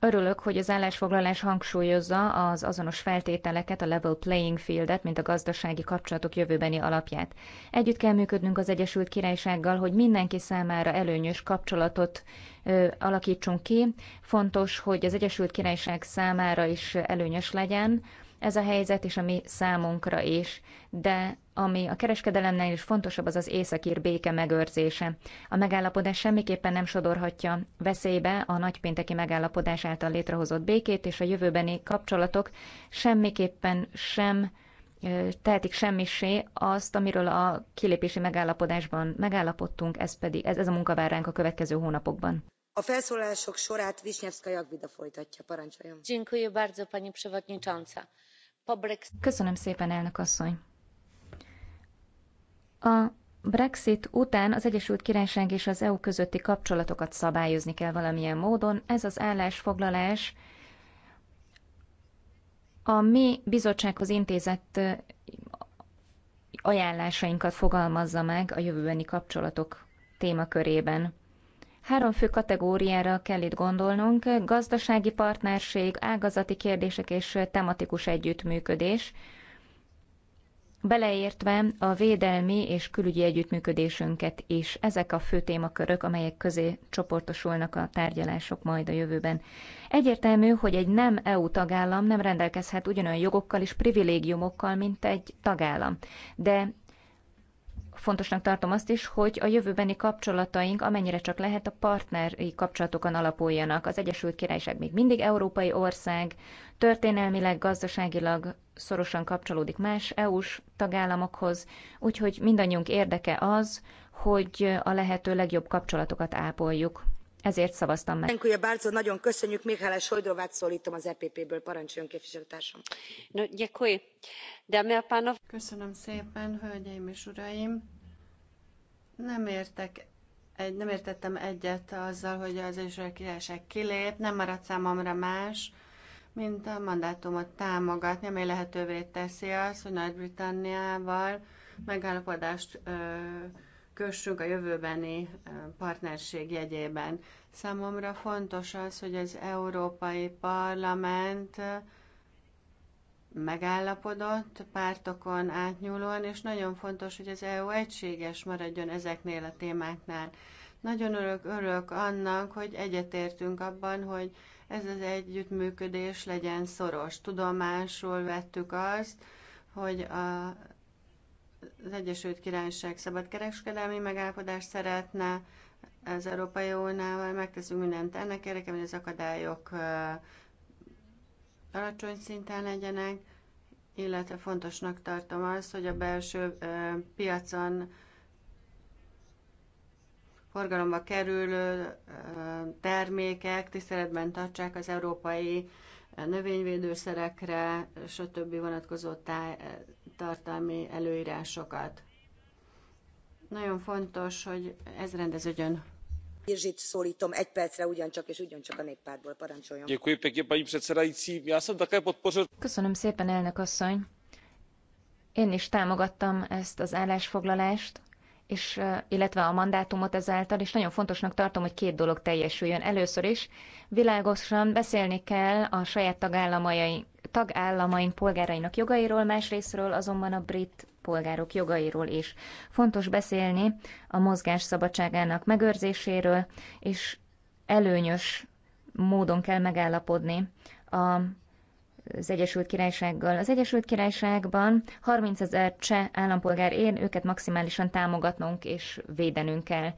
Örülök, hogy az állásfoglalás hangsúlyozza az azonos feltételeket, a level playing fieldet, mint a gazdasági kapcsolatok jövőbeni alapját. Együtt kell működnünk az Egyesült Királysággal, hogy mindenki számára előnyös kapcsolatot ö, alakítsunk ki. Fontos, hogy az Egyesült Királyság számára is előnyös legyen ez a helyzet, és a mi számunkra is. De ami a kereskedelemnél is fontosabb, az az északír béke megőrzése. A megállapodás semmiképpen nem sodorhatja veszélybe a nagypénteki megállapodás által létrehozott békét, és a jövőbeni kapcsolatok semmiképpen sem tehetik semmisé azt, amiről a kilépési megállapodásban megállapodtunk, ez pedig ez, ez a munkaváránk a következő hónapokban. A felszólások sorát Visnyevszka Jagvida folytatja, parancsoljon. Köszönöm szépen, elnök asszony. A Brexit után az Egyesült Királyság és az EU közötti kapcsolatokat szabályozni kell valamilyen módon. Ez az állásfoglalás a mi bizottsághoz intézett ajánlásainkat fogalmazza meg a jövőbeni kapcsolatok témakörében. Három fő kategóriára kell itt gondolnunk, gazdasági partnerség, ágazati kérdések és tematikus együttműködés – beleértve a védelmi és külügyi együttműködésünket is. Ezek a fő témakörök, amelyek közé csoportosulnak a tárgyalások majd a jövőben. Egyértelmű, hogy egy nem EU tagállam nem rendelkezhet ugyanolyan jogokkal és privilégiumokkal, mint egy tagállam. De Fontosnak tartom azt is, hogy a jövőbeni kapcsolataink amennyire csak lehet a partneri kapcsolatokon alapuljanak. Az Egyesült Királyság még mindig európai ország, történelmileg, gazdaságilag szorosan kapcsolódik más EU-s tagállamokhoz, úgyhogy mindannyiunk érdeke az, hogy a lehető legjobb kapcsolatokat ápoljuk ezért szavaztam meg. Barco, nagyon köszönjük. Mihály Sojdrovát szólítom az EPP-ből. Parancsoljon képviselőtársam. No, děkuji. a pánov... Köszönöm szépen, hölgyeim és uraim. Nem értek egy, nem értettem egyet azzal, hogy az Izrael királyság kilép, nem maradt számomra más, mint a mandátumot támogatni, ami lehetővé teszi azt, hogy Nagy-Britanniával megállapodást ö, kössünk a jövőbeni partnerség jegyében. Számomra fontos az, hogy az Európai Parlament megállapodott pártokon átnyúlóan, és nagyon fontos, hogy az EU egységes maradjon ezeknél a témáknál. Nagyon örök, örök annak, hogy egyetértünk abban, hogy ez az együttműködés legyen szoros. Tudomásul vettük azt, hogy a az Egyesült Királyság szabadkereskedelmi megállapodást szeretne az Európai Uniónál, megteszünk mindent ennek érdekében, hogy az akadályok alacsony szinten legyenek, illetve fontosnak tartom azt, hogy a belső piacon forgalomba kerülő termékek tiszteletben tartsák az európai növényvédőszerekre, stb. vonatkozó táj, eh, tartalmi előírásokat. Nagyon fontos, hogy ez rendeződjön. Irzsit szólítom egy percre ugyancsak és ugyancsak a néppártból parancsoljon. Köszönöm szépen, elnök asszony. Én is támogattam ezt az állásfoglalást és, illetve a mandátumot ezáltal, és nagyon fontosnak tartom, hogy két dolog teljesüljön. Először is világosan beszélni kell a saját tagállamai, tagállamaink polgárainak jogairól, másrésztről azonban a brit polgárok jogairól is. Fontos beszélni a mozgás szabadságának megőrzéséről, és előnyös módon kell megállapodni a az Egyesült Királysággal. Az Egyesült Királyságban 30 ezer cseh állampolgár él, őket maximálisan támogatnunk és védenünk kell.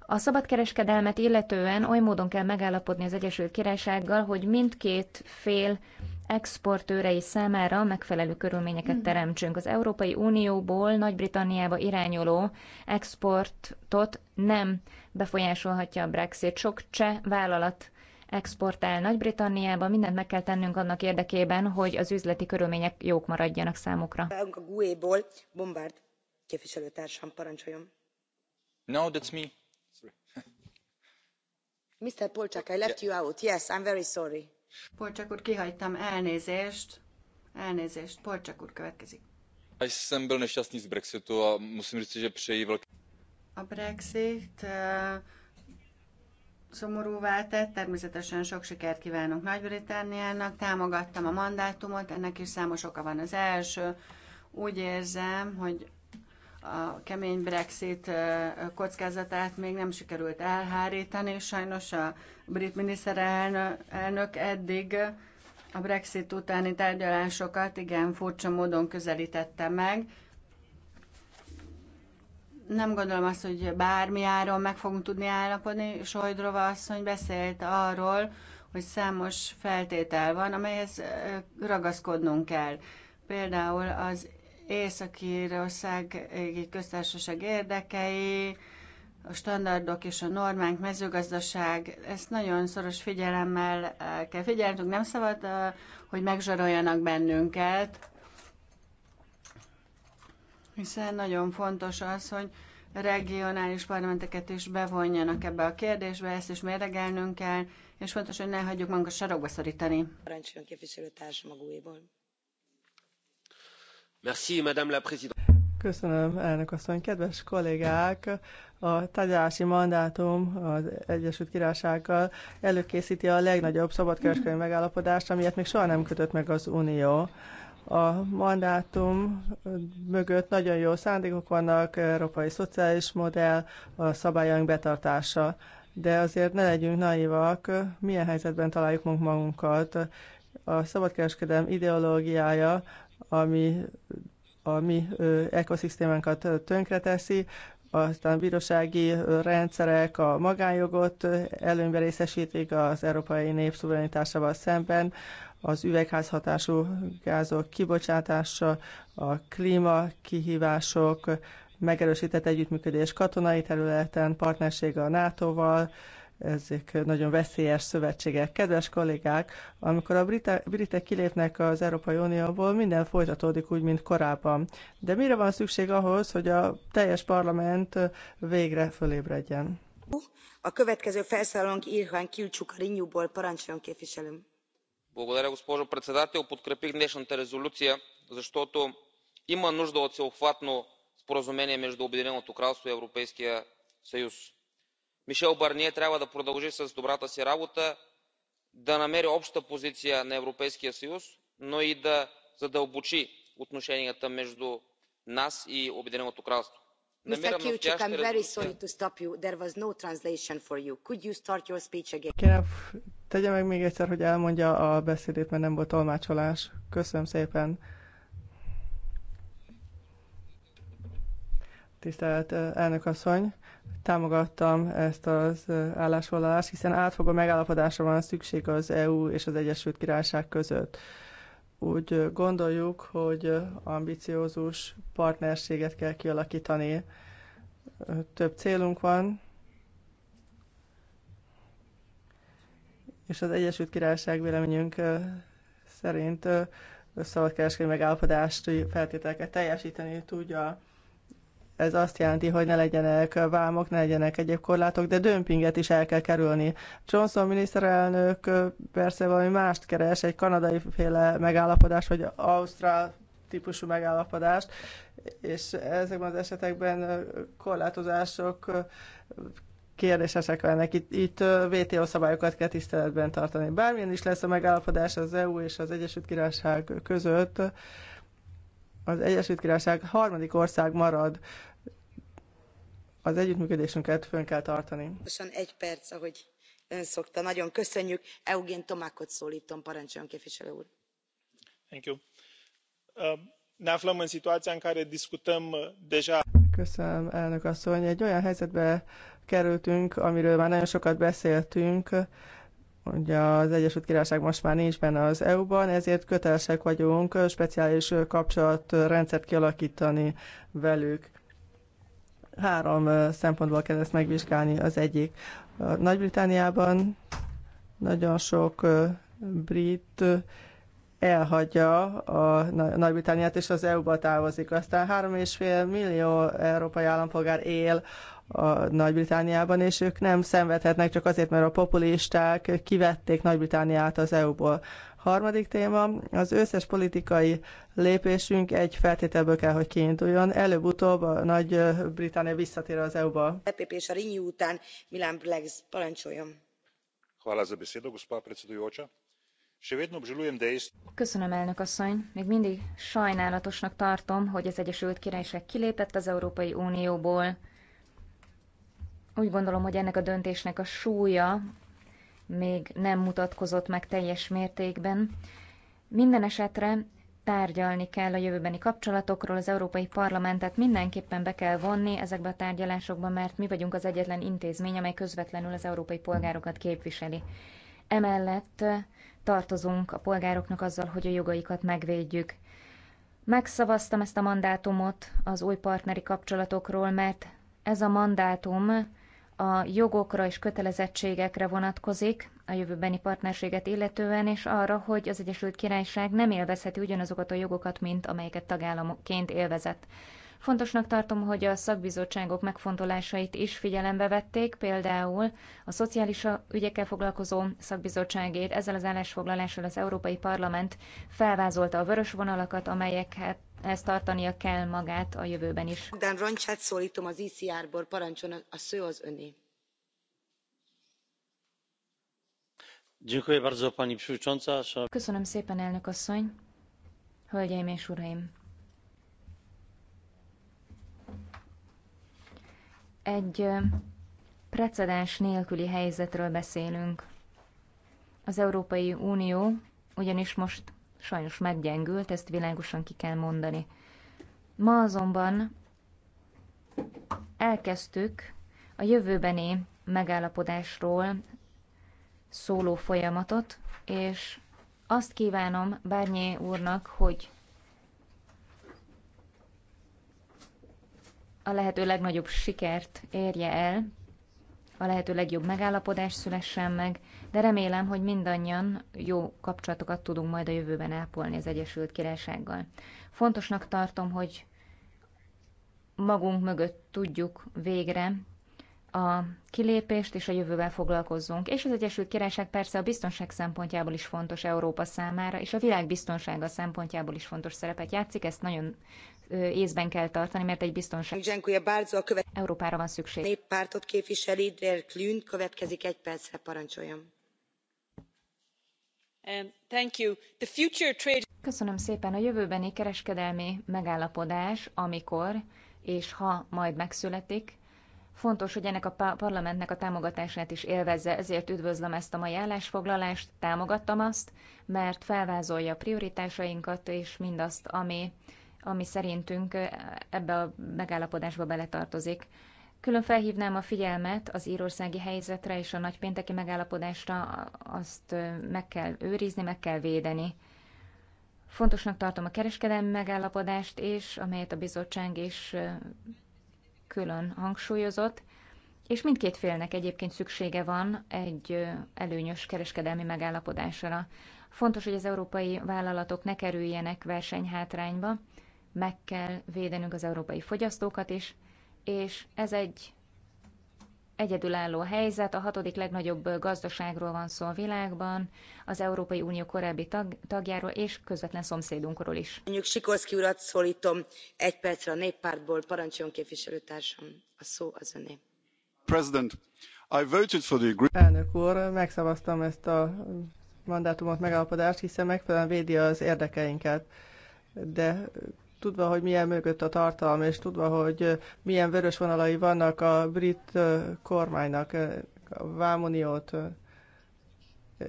A szabadkereskedelmet illetően oly módon kell megállapodni az Egyesült Királysággal, hogy mindkét fél exportőrei számára megfelelő körülményeket hmm. teremtsünk. Az Európai Unióból Nagy-Britanniába irányuló exportot nem befolyásolhatja a Brexit. Sok cseh vállalat exportál Nagy-Britanniába, mindent meg kell tennünk annak érdekében, hogy az üzleti körülmények jók maradjanak számukra. A GUE-ból Bombard képviselőtársam parancsoljon. No, that's me. [laughs] Mr. Polcsak, I left you out. Yes, I'm very sorry. Polcsak úr, kihagytam. Elnézést. Elnézést. Polcsak úr következik. Já jsem byl nešťastný z Brexitu a musím říct, že přeji A Brexit uh szomorúvá tett. Természetesen sok sikert kívánok Nagy-Britanniának. Támogattam a mandátumot, ennek is számos oka van. Az első, úgy érzem, hogy a kemény Brexit kockázatát még nem sikerült elhárítani. Sajnos a brit miniszterelnök eddig a Brexit utáni tárgyalásokat igen furcsa módon közelítette meg nem gondolom azt, hogy bármi áron meg fogunk tudni állapodni. Sojdrova asszony beszélt arról, hogy számos feltétel van, amelyhez ragaszkodnunk kell. Például az északi ország köztársaság érdekei, a standardok és a normánk, mezőgazdaság, ezt nagyon szoros figyelemmel kell figyelnünk, nem szabad, hogy megzsaroljanak bennünket, hiszen nagyon fontos az, hogy regionális parlamenteket is bevonjanak ebbe a kérdésbe, ezt is mérlegelnünk kell, és fontos, hogy ne hagyjuk magunkat sarokba szorítani. Parancsoljon képviselőtárs magújéból. Merci, Madame la Présidente. Köszönöm, elnök asszony. Kedves kollégák, a tárgyalási mandátum az Egyesült Királysággal előkészíti a legnagyobb szabadkereskedelmi megállapodást, amilyet még soha nem kötött meg az Unió a mandátum mögött nagyon jó szándékok vannak, európai szociális modell, a szabályaink betartása. De azért ne legyünk naivak, milyen helyzetben találjuk magunkat. A szabadkereskedelem ideológiája, ami a mi ekoszisztémánkat tönkreteszi, aztán bírósági rendszerek a magánjogot előnybe részesítik az európai nép szemben, az üvegházhatású gázok kibocsátása, a klíma kihívások, megerősített együttműködés katonai területen, partnerség a NATO-val, ezek nagyon veszélyes szövetségek. Kedves kollégák, amikor a britek kilépnek az Európai Unióból, minden folytatódik úgy, mint korábban. De mire van szükség ahhoz, hogy a teljes parlament végre fölébredjen? A következő felszállónk Irhán Kilcsuk a Rinyúból parancsoljon képviselőm госпожо председател подкрепих днешната резолюция защото има нужда от всеобхватно споразумение между обединеното кралство и европейския съюз. мишел барние трябва да продължи с добрата си работа да намери обща позиция на европейския съюз но и да задълбочи отношенията между нас и обединеното кралство. Tegye meg még egyszer, hogy elmondja a beszédét, mert nem volt tolmácsolás. Köszönöm szépen. Tisztelt elnökasszony, támogattam ezt az állásfoglalást, hiszen átfogó megállapodásra van szükség az EU és az Egyesült Királyság között. Úgy gondoljuk, hogy ambiciózus partnerséget kell kialakítani. Több célunk van, és az Egyesült Királyság véleményünk szerint szabadkereskedelmi megállapodást feltételeket teljesíteni tudja. Ez azt jelenti, hogy ne legyenek vámok, ne legyenek egyéb korlátok, de dömpinget is el kell kerülni. Johnson miniszterelnök persze valami mást keres, egy kanadai féle megállapodás, vagy ausztrál típusú megállapodást, és ezekben az esetekben korlátozások kérdésesek lennek. Itt, itt WTO szabályokat kell tiszteletben tartani. Bármilyen is lesz a megállapodás az EU és az Egyesült Királyság között, az Egyesült Királyság harmadik ország marad, az együttműködésünket fönn kell tartani. Köszön egy perc, ahogy ön szokta. Nagyon köszönjük. Eugén Tomákot szólítom, parancsoljon képviselő úr. Thank you. Uh, ne aflăm în situația în care discutăm uh, deja... Köszönöm, elnök asszony. Egy olyan helyzetbe kerültünk, amiről már nagyon sokat beszéltünk, hogy az Egyesült Királyság most már nincs benne az EU-ban, ezért kötelesek vagyunk speciális kapcsolatrendszert kialakítani velük. Három szempontból kell ezt megvizsgálni. Az egyik, Nagy-Britániában nagyon sok brit elhagyja a Nagy-Britániát és az EU-ba távozik. Aztán 3,5 millió európai állampolgár él a Nagy-Britániában, és ők nem szenvedhetnek csak azért, mert a populisták kivették Nagy-Britániát az EU-ból. Harmadik téma, az összes politikai lépésünk egy feltételből kell, hogy kiinduljon. Előbb-utóbb a Nagy-Britannia visszatér az EU-ba. EPP és a Renew után Milán Blegs, parancsoljon. Köszönöm, elnök asszony. Még mindig sajnálatosnak tartom, hogy az Egyesült Királyság kilépett az Európai Unióból úgy gondolom, hogy ennek a döntésnek a súlya még nem mutatkozott meg teljes mértékben. Minden esetre tárgyalni kell a jövőbeni kapcsolatokról, az Európai Parlamentet mindenképpen be kell vonni ezekbe a tárgyalásokba, mert mi vagyunk az egyetlen intézmény, amely közvetlenül az európai polgárokat képviseli. Emellett tartozunk a polgároknak azzal, hogy a jogaikat megvédjük. Megszavaztam ezt a mandátumot az új partneri kapcsolatokról, mert ez a mandátum a jogokra és kötelezettségekre vonatkozik a jövőbeni partnerséget illetően, és arra, hogy az Egyesült Királyság nem élvezheti ugyanazokat a jogokat, mint amelyeket tagállamként élvezett. Fontosnak tartom, hogy a szakbizottságok megfontolásait is figyelembe vették, például a szociális ügyekkel foglalkozó szakbizottságét, ezzel az állásfoglalással az Európai Parlament felvázolta a vörös vonalakat, amelyeket ezt tartania kell magát a jövőben is. Dan Roncsát szólítom az ICR-ból, e a sző az öné. Köszönöm szépen, elnök asszony. Hölgyeim és uraim! Egy precedens nélküli helyzetről beszélünk. Az Európai Unió ugyanis most sajnos meggyengült, ezt világosan ki kell mondani. Ma azonban elkezdtük a jövőbeni megállapodásról szóló folyamatot, és azt kívánom Bárnyé úrnak, hogy a lehető legnagyobb sikert érje el, a lehető legjobb megállapodás szülessen meg, de remélem, hogy mindannyian jó kapcsolatokat tudunk majd a jövőben ápolni az Egyesült Királysággal. Fontosnak tartom, hogy magunk mögött tudjuk végre a kilépést és a jövővel foglalkozzunk. És az Egyesült Királyság persze a biztonság szempontjából is fontos Európa számára, és a világ biztonsága szempontjából is fontos szerepet játszik, ezt nagyon észben kell tartani, mert egy biztonság Európára van szükség. Néppártot képviseli, Drér Klün következik egy percre, parancsoljam. Köszönöm szépen a jövőbeni kereskedelmi megállapodás, amikor és ha majd megszületik, Fontos, hogy ennek a parlamentnek a támogatását is élvezze, ezért üdvözlöm ezt a mai állásfoglalást, támogattam azt, mert felvázolja a prioritásainkat és mindazt, ami, ami szerintünk ebbe a megállapodásba beletartozik. Külön felhívnám a figyelmet az írországi helyzetre és a nagypénteki megállapodásra, azt meg kell őrizni, meg kell védeni. Fontosnak tartom a kereskedelmi megállapodást és amelyet a bizottság is külön hangsúlyozott, és mindkét félnek egyébként szüksége van egy előnyös kereskedelmi megállapodásra. Fontos, hogy az európai vállalatok ne kerüljenek versenyhátrányba, meg kell védenünk az európai fogyasztókat is, és ez egy egyedülálló helyzet, a hatodik legnagyobb gazdaságról van szó a világban, az Európai Unió korábbi tag, tagjáról és közvetlen szomszédunkról is. Mondjuk Sikorszki urat szólítom egy percre a néppártból, parancsoljon képviselőtársam, a szó az öné. President, I voted for the... Elnök úr, megszavaztam ezt a mandátumot, megállapodást, hiszen megfelelően védi az érdekeinket. De tudva, hogy milyen mögött a tartalom, és tudva, hogy milyen vörös vonalai vannak a brit kormánynak, a Vámuniót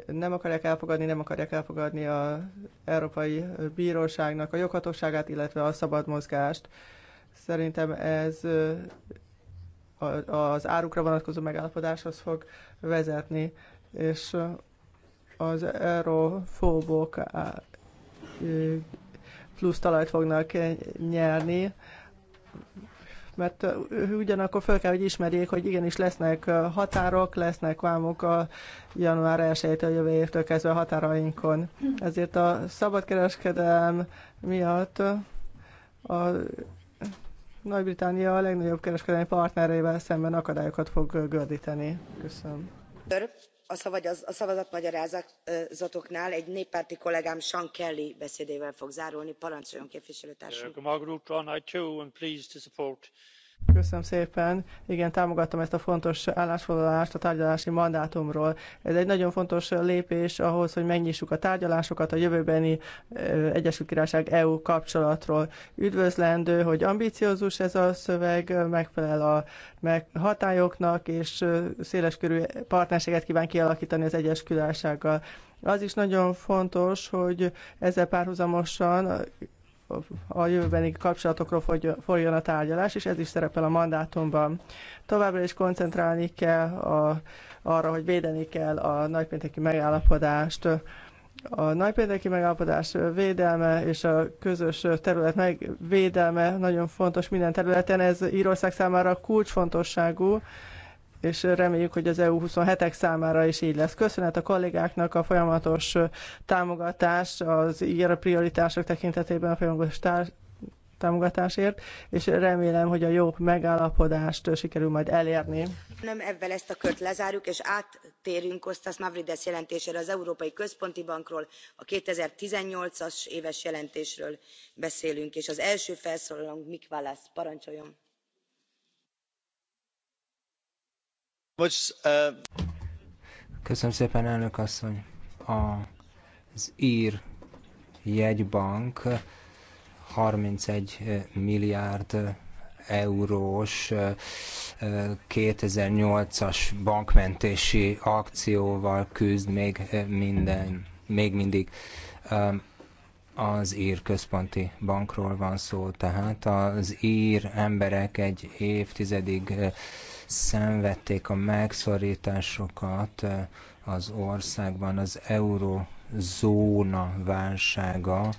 nem akarják elfogadni, nem akarják elfogadni az Európai Bíróságnak a joghatóságát, illetve a szabad mozgást. Szerintem ez az árukra vonatkozó megállapodáshoz fog vezetni, és az eurofóbok plusz talajt fognak nyerni, mert ugyanakkor fel kell, hogy ismerjék, hogy igenis lesznek határok, lesznek vámok a január 1-től jövő évtől kezdve a határainkon. Ezért a szabadkereskedelm miatt a nagy británia a legnagyobb kereskedelmi partnerével szemben akadályokat fog gördíteni. Köszönöm a szavazatmagyarázatoknál egy néppárti kollégám sean kelly beszédével fog zárulni. parancsoljon képviselőtársam! Köszönöm szépen. Igen, támogattam ezt a fontos állásfoglalást a tárgyalási mandátumról. Ez egy nagyon fontos lépés ahhoz, hogy megnyissuk a tárgyalásokat a jövőbeni eh, Egyesült Királyság EU kapcsolatról. Üdvözlendő, hogy ambiciózus ez a szöveg, megfelel a meg hatályoknak, és eh, széleskörű partnerséget kíván kialakítani az Egyesült Királysággal. Az is nagyon fontos, hogy ezzel párhuzamosan a jövőbeni kapcsolatokról folyjon a tárgyalás, és ez is szerepel a mandátumban. Továbbra is koncentrálni kell a, arra, hogy védeni kell a nagypénteki megállapodást, a nagypénteki megállapodás védelme és a közös terület megvédelme nagyon fontos minden területen. Ez Írország számára kulcsfontosságú, és reméljük, hogy az EU27-ek számára is így lesz. Köszönet a kollégáknak a folyamatos támogatás, az ilyen prioritások tekintetében a folyamatos támogatásért, és remélem, hogy a jó megállapodást sikerül majd elérni. Nem ebben ezt a kört lezárjuk, és áttérünk Kostas Mavrides jelentésére az Európai Központi Bankról, a 2018-as éves jelentésről beszélünk, és az első felszólalónk Mik Válasz. Parancsoljon! Köszönöm szépen, elnök asszony. Az ír jegybank 31 milliárd eurós 2008-as bankmentési akcióval küzd még minden, még mindig az ír központi bankról van szó, tehát az ír emberek egy évtizedig szenvedték a megszorításokat eh, az országban. Az eurozóna válsága a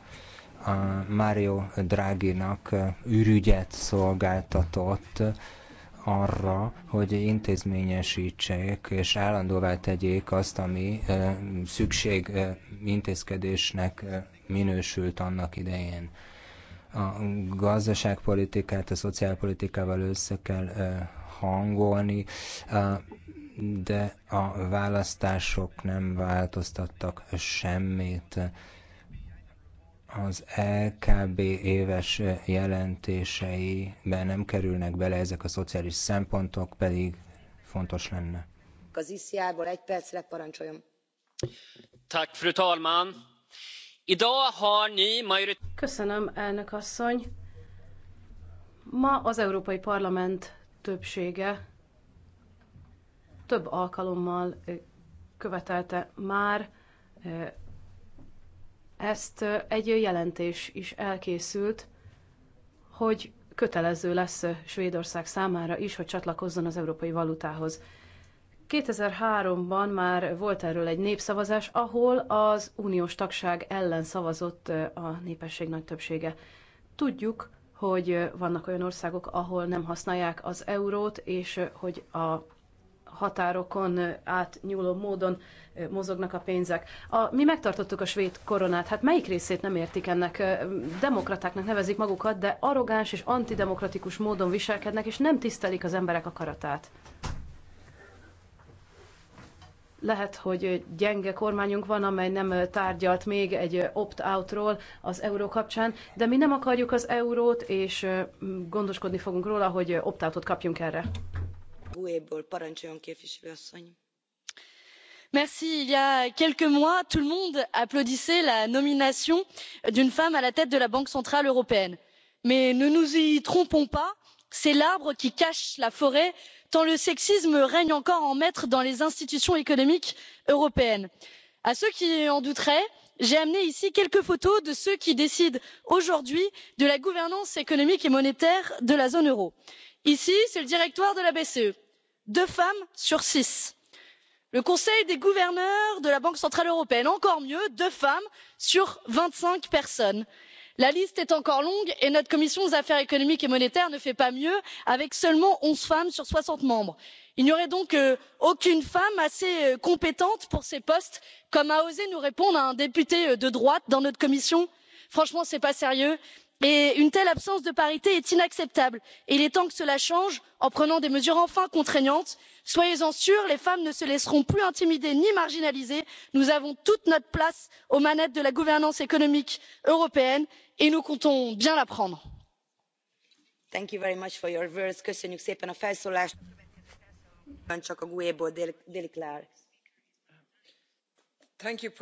Mario Draghi-nak eh, ürügyet szolgáltatott, arra, hogy intézményesítsék és állandóvá tegyék azt, ami eh, szükség intézkedésnek minősült annak idején. A gazdaságpolitikát a szociálpolitikával össze kell hangolni, de a választások nem változtattak semmit. Az LKB éves jelentéseiben nem kerülnek bele ezek a szociális szempontok, pedig fontos lenne. Az ICR-ból egy percre parancsoljon. Fru talman! Idag har ni majoritet... Köszönöm, elnök asszony. Ma az Európai Parlament többsége több alkalommal eh, követelte már eh, ezt eh, egy jelentés is elkészült, hogy kötelező lesz Svédország számára is, hogy csatlakozzon az európai valutához. 2003-ban már volt erről egy népszavazás, ahol az uniós tagság ellen szavazott a népesség nagy többsége. Tudjuk, hogy vannak olyan országok, ahol nem használják az eurót, és hogy a határokon átnyúló módon mozognak a pénzek. A, mi megtartottuk a svéd koronát, hát melyik részét nem értik ennek? Demokratáknak nevezik magukat, de arrogáns és antidemokratikus módon viselkednek, és nem tisztelik az emberek akaratát lehet, hogy gyenge kormányunk van, amely nem tárgyalt még egy opt-outról az euró kapcsán, de mi nem akarjuk az eurót, és gondoskodni fogunk róla, hogy opt-outot kapjunk erre. Újéból parancsoljon képviselőasszony. Merci. Il y a quelques mois, tout le monde applaudissait la nomination d'une femme à la tête de la Banque centrale européenne. Mais ne nous y trompons pas, c'est l'arbre qui cache la forêt tant le sexisme règne encore en maître dans les institutions économiques européennes. à ceux qui en douteraient j'ai amené ici quelques photos de ceux qui décident aujourd'hui de la gouvernance économique et monétaire de la zone euro. ici c'est le directoire de la bce deux femmes sur six. le conseil des gouverneurs de la banque centrale européenne encore mieux deux femmes sur vingt cinq personnes la liste est encore longue et notre commission des affaires économiques et monétaires ne fait pas mieux avec seulement onze femmes sur soixante membres. il n'y aurait donc euh, aucune femme assez euh, compétente pour ces postes comme a osé nous répondre un député euh, de droite dans notre commission? franchement ce n'est pas sérieux et une telle absence de parité est inacceptable. il est temps que cela change en prenant des mesures enfin contraignantes. soyez en sûrs les femmes ne se laisseront plus intimider ni marginaliser nous avons toute notre place aux manettes de la gouvernance économique européenne et nous comptons bien la prendre.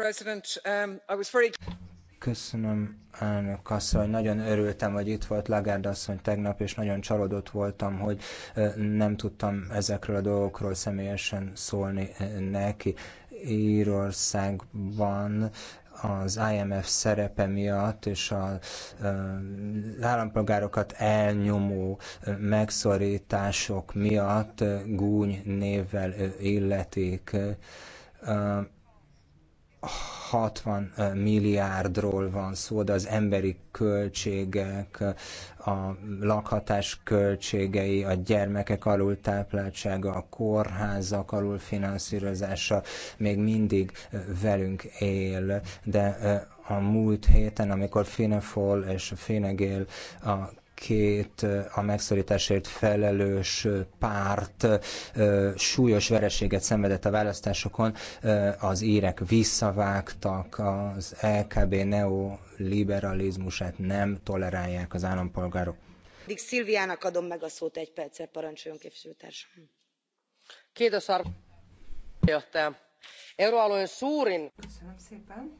Um, Köszönöm, elnök asszony. Nagyon örültem, hogy itt volt Lagarde asszony tegnap, és nagyon csalódott voltam, hogy nem tudtam ezekről a dolgokról személyesen szólni neki. Írországban az IMF szerepe miatt és az állampolgárokat elnyomó megszorítások miatt gúny névvel illetik 60 eh, milliárdról van szó, de az emberi költségek, eh, a lakhatás költségei, a gyermekek alul tápláltsága, a kórházak finanszírozása még mindig eh, velünk él, de a múlt héten, amikor Finefol és Finegél a két a megszorításért felelős párt súlyos vereséget szenvedett a választásokon, az írek visszavágtak, az LKB neoliberalizmusát nem tolerálják az állampolgárok. Addig Szilviának adom meg a szót egy percre, parancsoljon képviselőtársam. Kérdés arvoisa Euroalueen szúrin. Köszönöm szépen.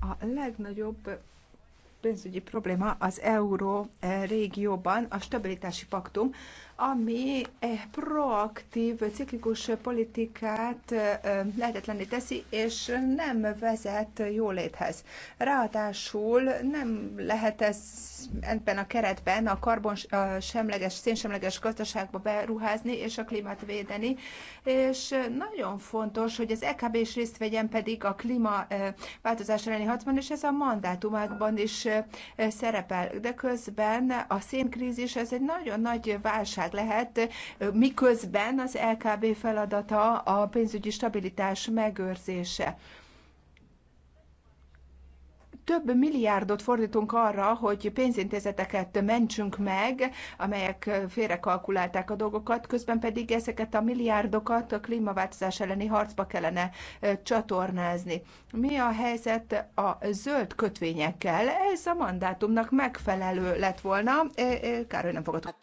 A legnagyobb pénzügyi probléma az euró eh, régióban a stabilitási paktum, ami e proaktív, ciklikus politikát e, e, lehetetlené teszi, és nem vezet jóléthez. Ráadásul nem lehet ez ebben a keretben a semleges, szénsemleges gazdaságba beruházni és a klímát védeni, és nagyon fontos, hogy az EKB is részt vegyen pedig a klímaváltozás elleni hatban, és ez a mandátumákban is szerepel. De közben a szénkrízis, ez egy nagyon nagy válság, válság lehet, miközben az LKB feladata a pénzügyi stabilitás megőrzése több milliárdot fordítunk arra, hogy pénzintézeteket mentsünk meg, amelyek félrekalkulálták a dolgokat, közben pedig ezeket a milliárdokat a klímaváltozás elleni harcba kellene csatornázni. Mi a helyzet a zöld kötvényekkel? Ez a mandátumnak megfelelő lett volna. Károly nem fogadott.